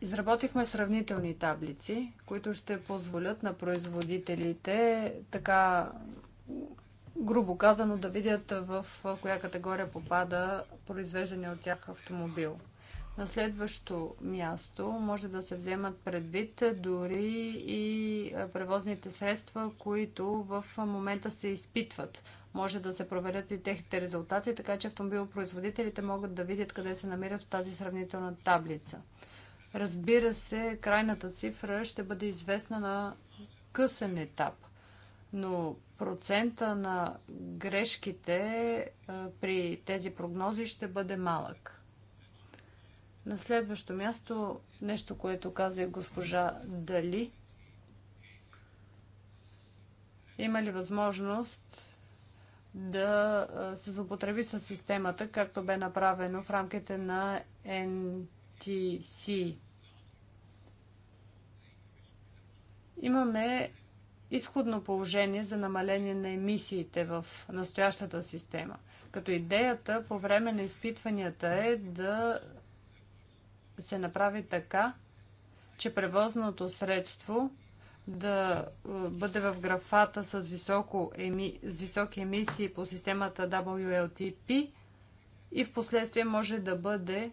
Изработихме сравнителни таблици, които ще позволят на производителите така грубо казано, да видят в коя категория попада произвеждане от тях автомобил. На следващо място може да се вземат предвид дори и превозните средства, които в момента се изпитват. Може да се проверят и техните резултати, така че автомобилопроизводителите могат да видят къде се намират в тази сравнителна таблица. Разбира се, крайната цифра ще бъде известна на късен етап но процента на грешките при тези прогнози ще бъде малък. На следващо място, нещо, което каза госпожа Дали. Има ли възможност да се злоупотреби с системата, както бе направено в рамките на NTC? Имаме изходно положение за намаление на емисиите в настоящата система. Като идеята по време на изпитванията е да се направи така, че превозното средство да е, бъде в графата с, високо еми... с високи емисии по системата WLTP и в последствие може да бъде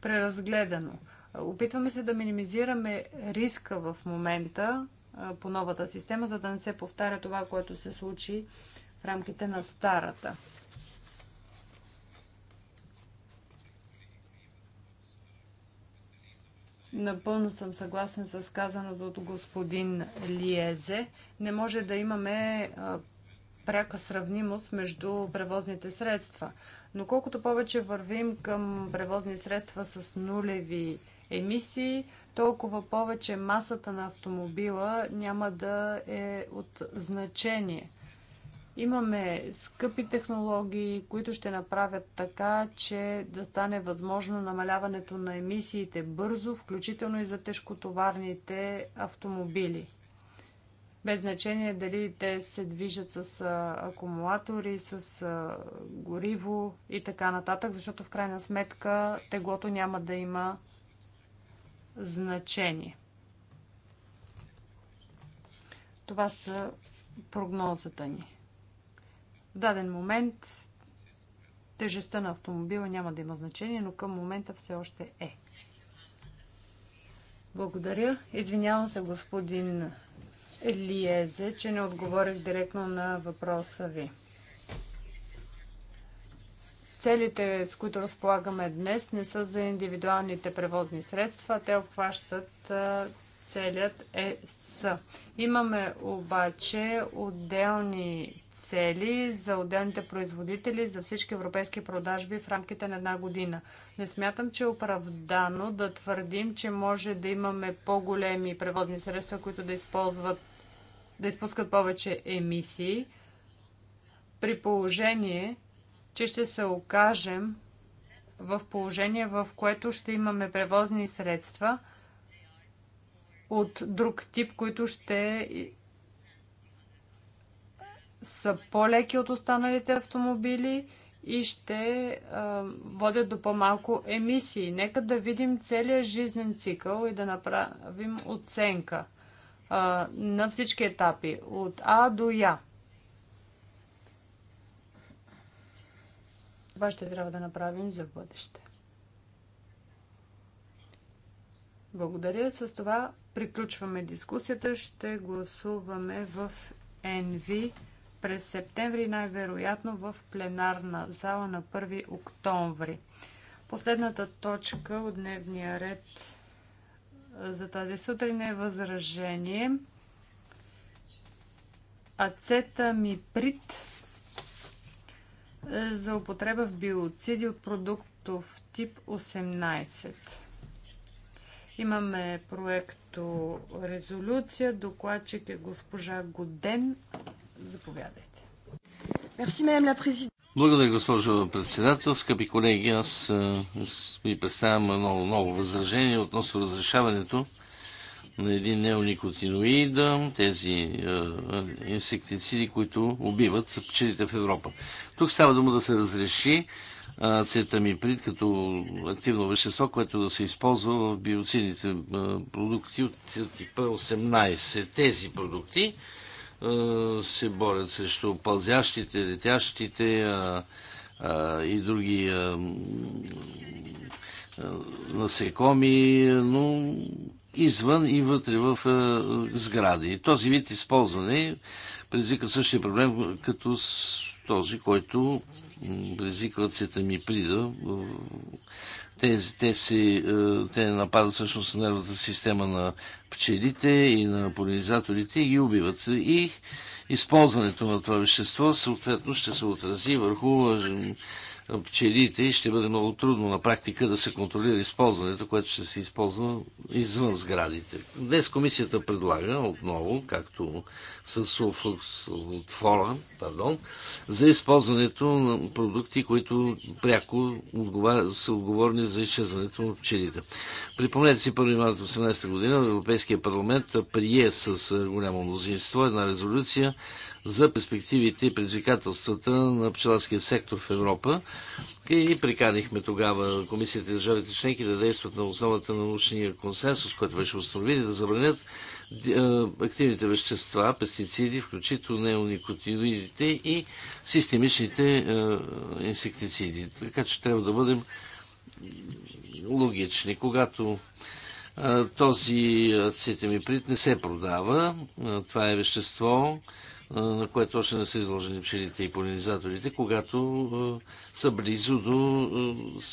преразгледано. Опитваме се да минимизираме риска в момента, по новата система, за да не се повтаря това, което се случи в рамките на старата. Напълно съм съгласен с казаното от господин Лиезе. Не може да имаме пряка сравнимост между превозните средства. Но колкото повече вървим към превозни средства с нулеви емисии, толкова повече масата на автомобила няма да е от значение. Имаме скъпи технологии, които ще направят така, че да стане възможно намаляването на емисиите бързо, включително и за тежкотоварните автомобили. Без значение дали те се движат с акумулатори, с гориво и така нататък, защото в крайна сметка теглото няма да има значение. Това са прогнозата ни. В даден момент тежестта на автомобила няма да има значение, но към момента все още е. Благодаря. Извинявам се, господин Лиезе, че не отговорих директно на въпроса ви. Целите, с които разполагаме днес, не са за индивидуалните превозни средства, те обхващат целият ЕС. Имаме обаче отделни цели за отделните производители за всички европейски продажби в рамките на една година. Не смятам, че е оправдано да твърдим, че може да имаме по-големи превозни средства, които да използват да изпускат повече емисии, при положение, че ще се окажем в положение, в което ще имаме превозни средства от друг тип, които ще са по-леки от останалите автомобили и ще водят до по-малко емисии. Нека да видим целият жизнен цикъл и да направим оценка на всички етапи от А до Я. Това ще трябва да направим за бъдеще. Благодаря. С това приключваме дискусията. Ще гласуваме в НВ през септември, най-вероятно в пленарна зала на 1 октомври. Последната точка от дневния ред за тази сутрин е възражение. Ацета ми прит за употреба в биоциди от продуктов тип 18. Имаме проекто резолюция. Докладчик е госпожа Годен. Заповядайте. Благодаря, госпожо председател. Скъпи колеги, аз ви е, представям много, много възражение относно разрешаването на един неоникотиноид, тези е, инсектициди, които убиват пчелите в Европа. Тук става дума да се разреши цетамиприд като активно вещество, което да се използва в биоцидните продукти от типа 18. Тези продукти е, се борят срещу пълзящите, летящите е, е, и други насекоми, но извън и вътре в е, сгради. Този вид използване предизвика същия проблем като с този, който предизвика сета ми прида. Те, те, си, е, те нападат всъщност нервната система на пчелите и на полинизаторите и ги убиват. И използването на това вещество съответно ще се отрази върху е, пчелите ще бъде много трудно на практика да се контролира използването, което ще се използва извън сградите. Днес комисията предлага отново, както с сулфоксфора, пардон, за използването на продукти, които пряко са отговорни за изчезването на пчелите. Припомнете си 1 марта 2018 година Европейския парламент прие с голямо мнозинство една резолюция, за перспективите и предизвикателствата на пчеларския сектор в Европа. И приканихме тогава комисията и държавите членки да действат на основата на научния консенсус, който беше установили, да забранят е, активните вещества, пестициди, включително неоникотиноидите и системичните е, инсектициди. Така че трябва да бъдем логични. Когато е, този цитамиприт не се продава, това е вещество, на което още не са изложени пчелите и полинизаторите, когато са близо до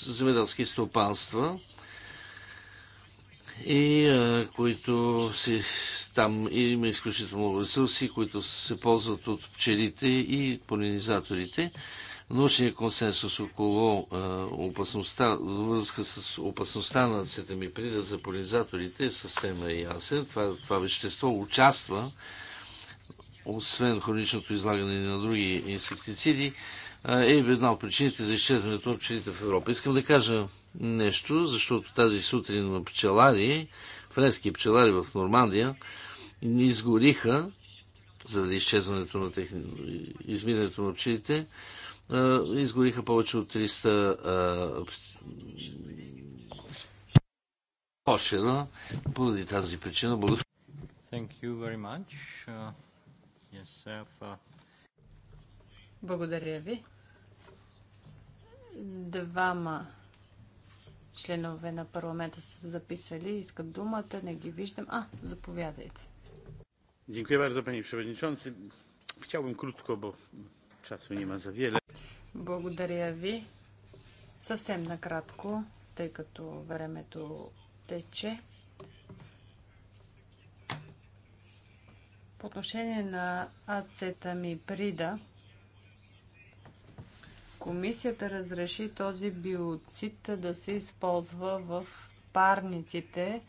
земеделски стопанства и които си, там има изключително много ресурси, които се ползват от пчелите и полинизаторите. Научният консенсус около а, опасността, връзка с опасността на цетамиприда за полинизаторите е съвсем ясен. Това, това вещество участва освен хроничното излагане на други инсектициди, е една от причините за изчезването на пчелите в Европа. Искам да кажа нещо, защото тази сутрин на пчелари, френски пчелари в Нормандия, изгориха заради изчезването на техни... измирането на пчелите, изгориха повече от 300 кошера поради тази причина. Благодаря. Thank you very much. Uh... Uh, Благодаря ви. Двама членове на парламента са се записали, искат думата, не ги виждам. А, заповядайте. Dziękuję bardzo, panie przewodniczący. Chciałbym krótko, bo czasu nie ma za wiele. Благодаря ви. Съвсем накратко, тъй като времето тече. По отношение на ацетамиприда, комисията разреши този биоцид да се използва в парниците.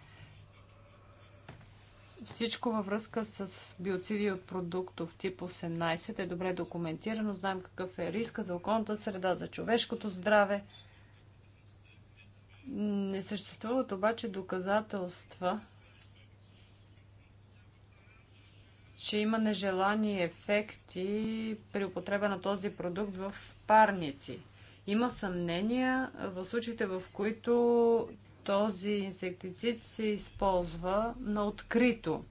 Всичко във връзка с биоциди от продуктов тип 18 е добре документирано. Знаем какъв е риска за околната среда, за човешкото здраве. Не съществуват обаче доказателства, че има нежелани ефекти при употреба на този продукт в парници. Има съмнения в случаите, в които този инсектицид се използва на открито.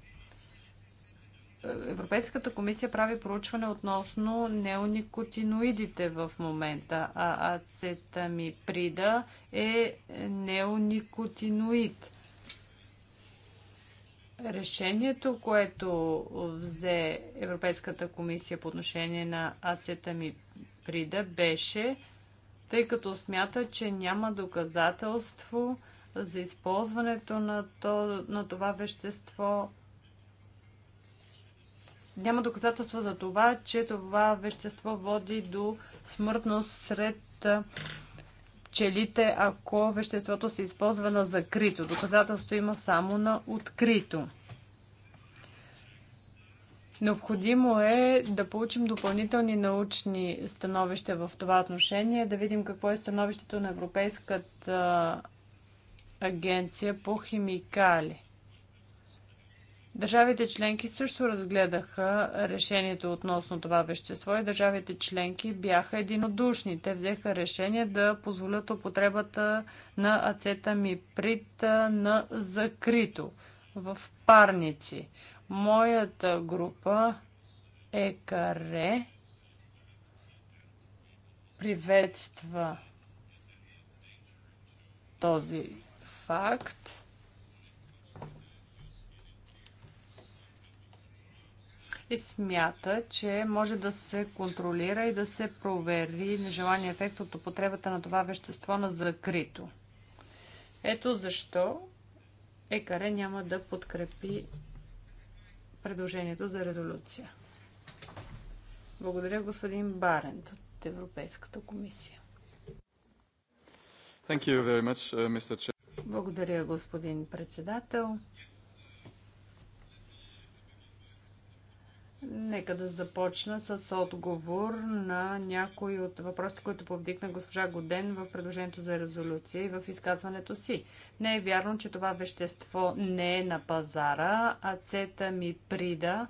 Европейската комисия прави проучване относно неоникотиноидите в момента, а ацетамиприда е неоникотиноид решението, което взе Европейската комисия по отношение на акцията ми прида, беше, тъй като смята, че няма доказателство за използването на, то, на това вещество. Няма доказателство за това, че това вещество води до смъртност сред пчелите, ако веществото се използва на закрито. Доказателство има само на открито. Необходимо е да получим допълнителни научни становища в това отношение, да видим какво е становището на Европейската агенция по химикали. Държавите членки също разгледаха решението относно това вещество и държавите членки бяха единодушни. Те взеха решение да позволят употребата на ацетамиприт на закрито в парници. Моята група ЕКАРЕ приветства този факт. и смята, че може да се контролира и да се провери нежелания ефект от употребата на това вещество на закрито. Ето защо ЕКАРЕ няма да подкрепи предложението за резолюция. Благодаря господин Барент от Европейската комисия. Much, uh, Благодаря, господин председател. Нека да започна с отговор на някои от въпросите, които повдигна госпожа Годен в предложението за резолюция и в изказването си. Не е вярно, че това вещество не е на пазара. а цета ми Прида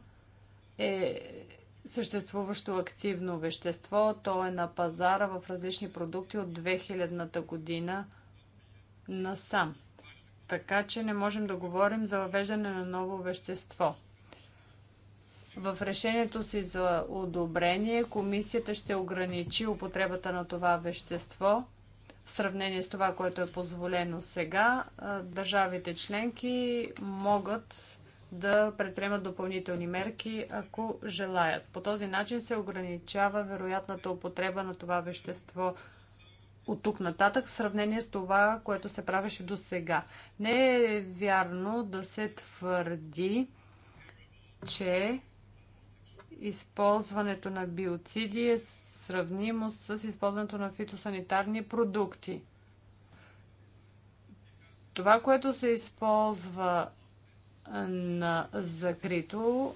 е съществуващо активно вещество. То е на пазара в различни продукти от 2000-та година насам. Така че не можем да говорим за въвеждане на ново вещество. В решението си за одобрение комисията ще ограничи употребата на това вещество в сравнение с това, което е позволено сега. Държавите членки могат да предприемат допълнителни мерки, ако желаят. По този начин се ограничава вероятната употреба на това вещество от тук нататък в сравнение с това, което се правеше до сега. Не е вярно да се твърди, че използването на биоциди е сравнимо с използването на фитосанитарни продукти. Това, което се използва на закрито,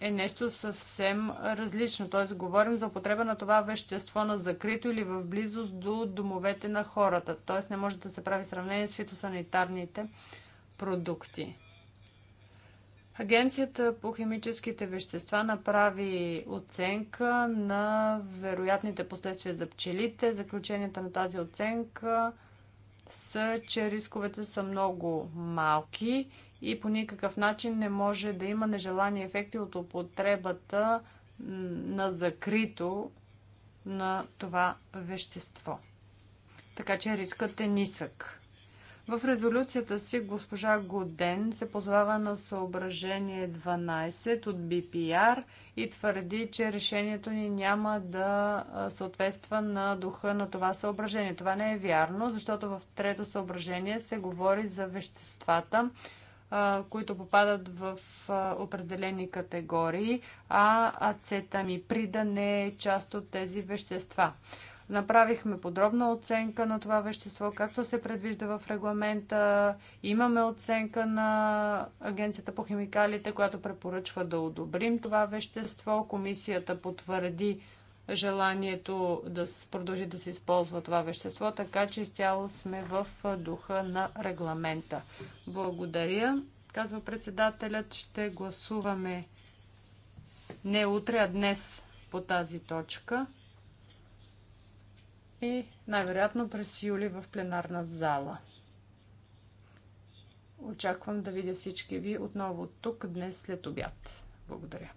е нещо съвсем различно. Т.е. говорим за употреба на това вещество на закрито или в близост до домовете на хората. Т.е. не може да се прави сравнение с фитосанитарните продукти. Агенцията по химическите вещества направи оценка на вероятните последствия за пчелите. Заключенията на тази оценка са, че рисковете са много малки и по никакъв начин не може да има нежелани ефекти от употребата на закрито на това вещество. Така че рискът е нисък. В резолюцията си госпожа Годен се позвава на съображение 12 от БПР и твърди, че решението ни няма да съответства на духа на това съображение. Това не е вярно, защото в трето съображение се говори за веществата, които попадат в определени категории, а ацетамиприда не е част от тези вещества. Направихме подробна оценка на това вещество, както се предвижда в регламента. Имаме оценка на Агенцията по химикалите, която препоръчва да одобрим това вещество. Комисията потвърди желанието да продължи да се използва това вещество, така че изцяло сме в духа на регламента. Благодаря, казва председателят. Ще гласуваме не утре, а днес по тази точка и най-вероятно през юли в пленарна зала. Очаквам да видя всички ви отново тук днес след обяд. Благодаря.